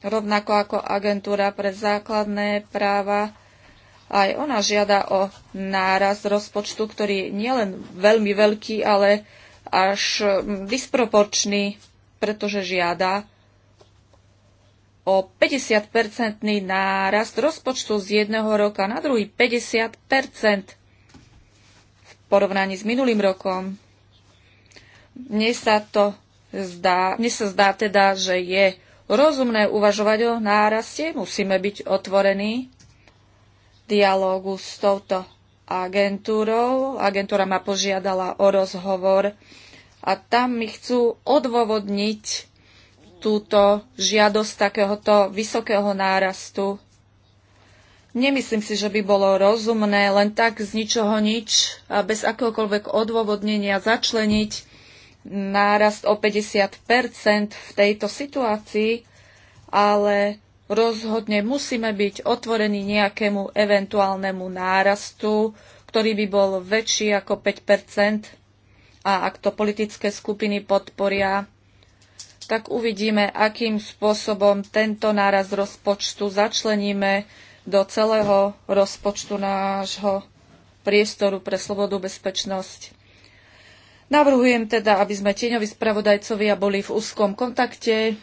rovnako ako agentúra pre základné práva. Aj ona žiada o náraz rozpočtu, ktorý je nielen veľmi veľký, ale až disproporčný, pretože žiada o 50-percentný nárast rozpočtu z jedného roka na druhý 50 porovnaní s minulým rokom. Mne sa to zdá, mne sa zdá teda, že je rozumné uvažovať o náraste, musíme byť otvorení dialógu s touto agentúrou. Agentúra ma požiadala o rozhovor a tam mi chcú odôvodniť túto žiadosť takéhoto vysokého nárastu Nemyslím si, že by bolo rozumné len tak z ničoho nič a bez akéhokoľvek odôvodnenia začleniť nárast o 50 v tejto situácii, ale rozhodne musíme byť otvorení nejakému eventuálnemu nárastu, ktorý by bol väčší ako 5 a ak to politické skupiny podporia, tak uvidíme, akým spôsobom tento náraz rozpočtu začleníme do celého rozpočtu nášho priestoru pre slobodu, bezpečnosť. Navrhujem teda, aby sme tieňoví spravodajcovia boli v úzkom kontakte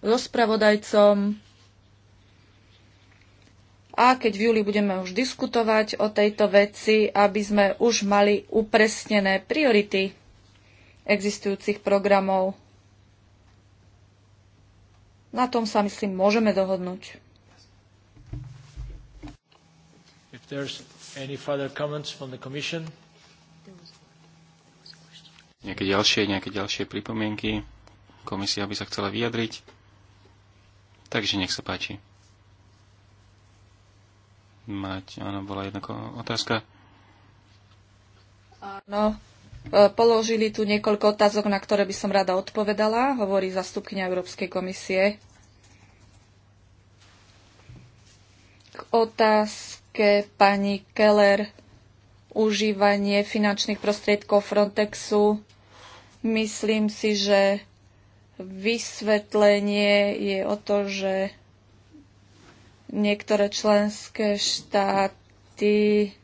so spravodajcom a keď v júli budeme už diskutovať o tejto veci, aby sme už mali upresnené priority existujúcich programov. Na tom sa, myslím, môžeme dohodnúť. there's any further comments from the Commission? Nejaké ďalšie, nejaké ďalšie pripomienky? Komisia by sa chcela vyjadriť. Takže nech sa páči. Mať, áno, bola jedna otázka. Áno, e, položili tu niekoľko otázok, na ktoré by som rada odpovedala, hovorí zastupkynia Európskej komisie. K otázke otázke pani Keller užívanie finančných prostriedkov Frontexu. Myslím si, že vysvetlenie je o to, že niektoré členské štáty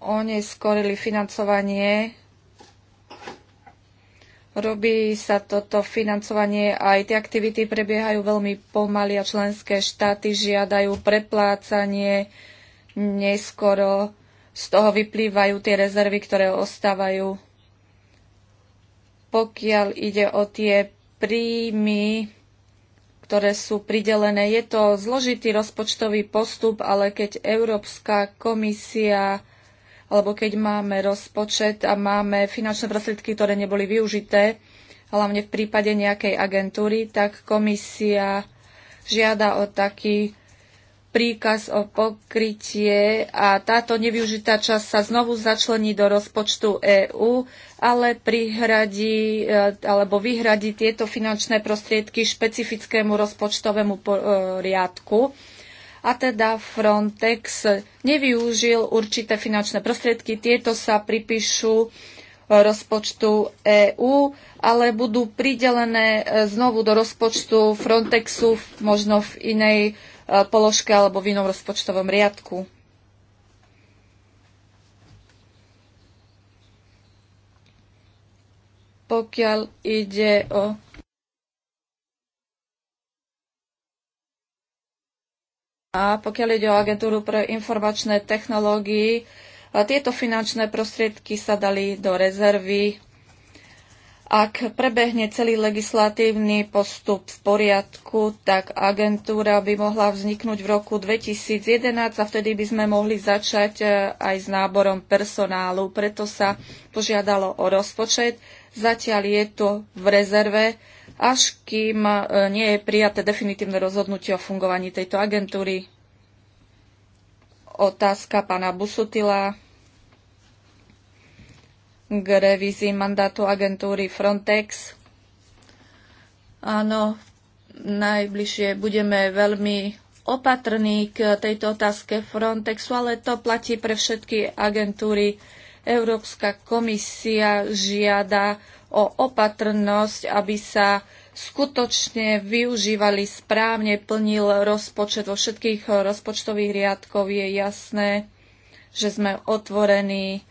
oneskorili financovanie Robí sa toto financovanie aj tie aktivity prebiehajú veľmi pomaly a členské štáty žiadajú preplácanie neskoro. Z toho vyplývajú tie rezervy, ktoré ostávajú. Pokiaľ ide o tie príjmy, ktoré sú pridelené, je to zložitý rozpočtový postup, ale keď Európska komisia alebo keď máme rozpočet a máme finančné prostriedky, ktoré neboli využité, hlavne v prípade nejakej agentúry, tak komisia žiada o taký príkaz o pokrytie a táto nevyužitá časť sa znovu začlení do rozpočtu EÚ, ale prihradí e, alebo vyhradí tieto finančné prostriedky špecifickému rozpočtovému e, riadku a teda Frontex nevyužil určité finančné prostriedky. Tieto sa pripíšu rozpočtu EÚ, ale budú pridelené e, znovu do rozpočtu Frontexu, možno v inej e, položke alebo v inom rozpočtovom riadku. Pokiaľ ide o A pokiaľ ide o agentúru pre informačné technológie, tieto finančné prostriedky sa dali do rezervy. Ak prebehne celý legislatívny postup v poriadku, tak agentúra by mohla vzniknúť v roku 2011 a vtedy by sme mohli začať e, aj s náborom personálu. Preto sa požiadalo o rozpočet. Zatiaľ je to v rezerve až kým e, nie je prijaté definitívne rozhodnutie o fungovaní tejto agentúry. Otázka pána Busutila k revízii mandátu agentúry Frontex. Áno, najbližšie budeme veľmi opatrní k tejto otázke Frontexu, ale to platí pre všetky agentúry. Európska komisia žiada o opatrnosť, aby sa skutočne využívali správne, plnil rozpočet vo všetkých rozpočtových riadkov, je jasné, že sme otvorení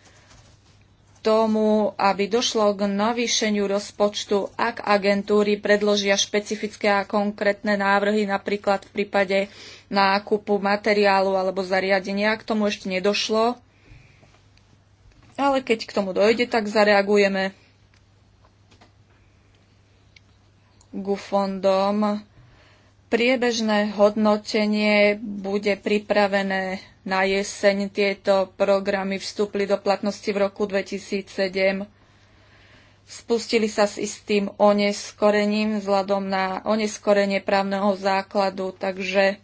tomu, aby došlo k navýšeniu rozpočtu, ak agentúry predložia špecifické a konkrétne návrhy, napríklad v prípade nákupu materiálu alebo zariadenia. K tomu ešte nedošlo, ale keď k tomu dojde, tak zareagujeme. fondom. Priebežné hodnotenie bude pripravené na jeseň. Tieto programy vstúpli do platnosti v roku 2007. Spustili sa s istým oneskorením vzhľadom na oneskorenie právneho základu, takže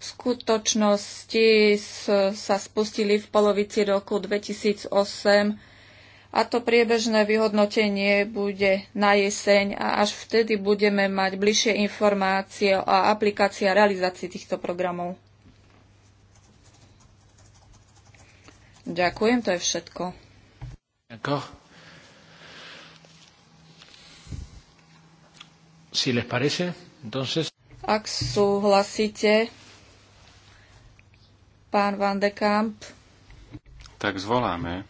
v skutočnosti sa spustili v polovici roku 2008 a to priebežné vyhodnotenie bude na jeseň a až vtedy budeme mať bližšie informácie o aplikácii a realizácii týchto programov. Ďakujem, to je všetko. Si les parece, entonces... Ak súhlasíte, pán Van de Kamp. Tak zvoláme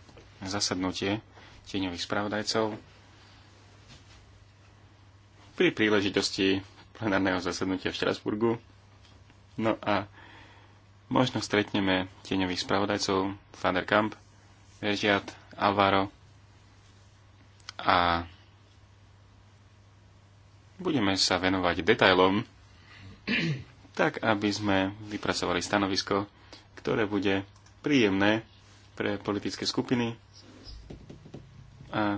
zasadnutie tieňových spravodajcov. Pri príležitosti plenárneho zasadnutia v Štrasburgu. No a možno stretneme tieňových spravodajcov Kamp, Veržiat, Alvaro a budeme sa venovať detailom, tak aby sme vypracovali stanovisko, ktoré bude príjemné pre politické skupiny a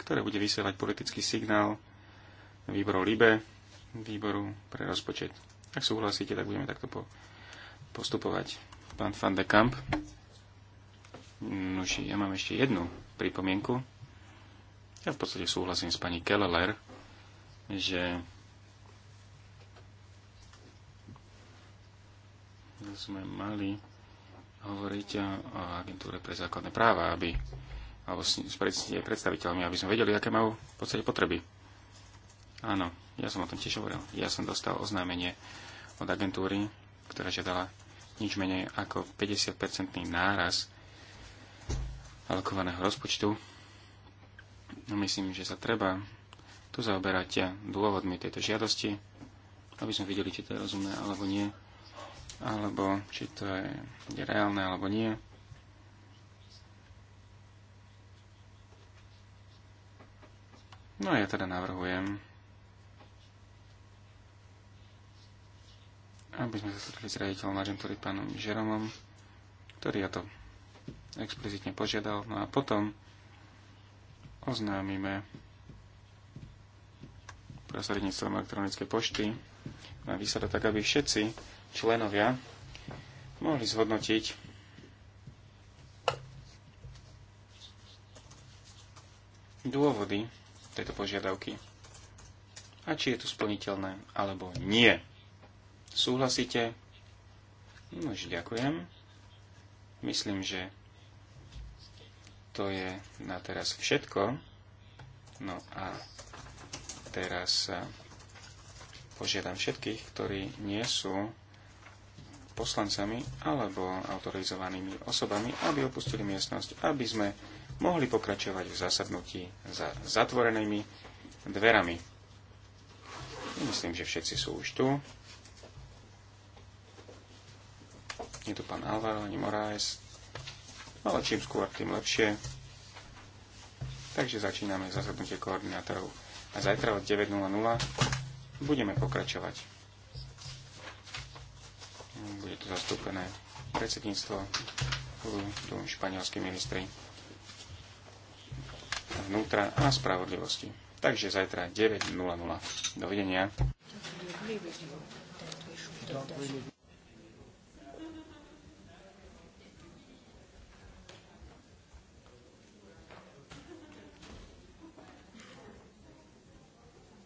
ktoré bude vysielať politický signál výboru LIBE, výboru pre rozpočet. Ak súhlasíte, tak budeme takto po, postupovať. Pán Van de Kamp. No, ja mám ešte jednu pripomienku. Ja v podstate súhlasím s pani Keller, že sme mali hovoriť o agentúre pre základné práva, aby, alebo s, s predstaviteľmi, aby sme vedeli, aké majú v podstate potreby. Áno, ja som o tom tiež hovoril. Ja som dostal oznámenie od agentúry, ktorá žiadala nič menej ako 50-percentný náraz alokovaného rozpočtu. No, myslím, že sa treba tu zaoberať dôvodmi tejto žiadosti, aby sme videli, či to je rozumné alebo nie alebo či to je, je reálne alebo nie. No a ja teda navrhujem, aby sme sa stretli s riaditeľom agentúry pánom Žeromom, ktorý ja to explicitne požiadal. No a potom oznámime prostredníctvom elektronickej pošty na výsada tak, aby všetci členovia mohli zhodnotiť dôvody tejto požiadavky a či je to splniteľné alebo nie. Súhlasíte? No, ďakujem. Myslím, že to je na teraz všetko. No a teraz požiadam všetkých, ktorí nie sú poslancami alebo autorizovanými osobami, aby opustili miestnosť, aby sme mohli pokračovať v zasadnutí za zatvorenými dverami. Myslím, že všetci sú už tu. Je tu pán Alvaro, ani Moraes. Ale čím skôr, tým lepšie. Takže začíname zasadnutie koordinátorov. A zajtra od 9.00 budeme pokračovať. Je tu zastúpené predsedníctvo, tu španielskí ministri vnútra a spravodlivosti. Takže zajtra 9.00. Dovidenia.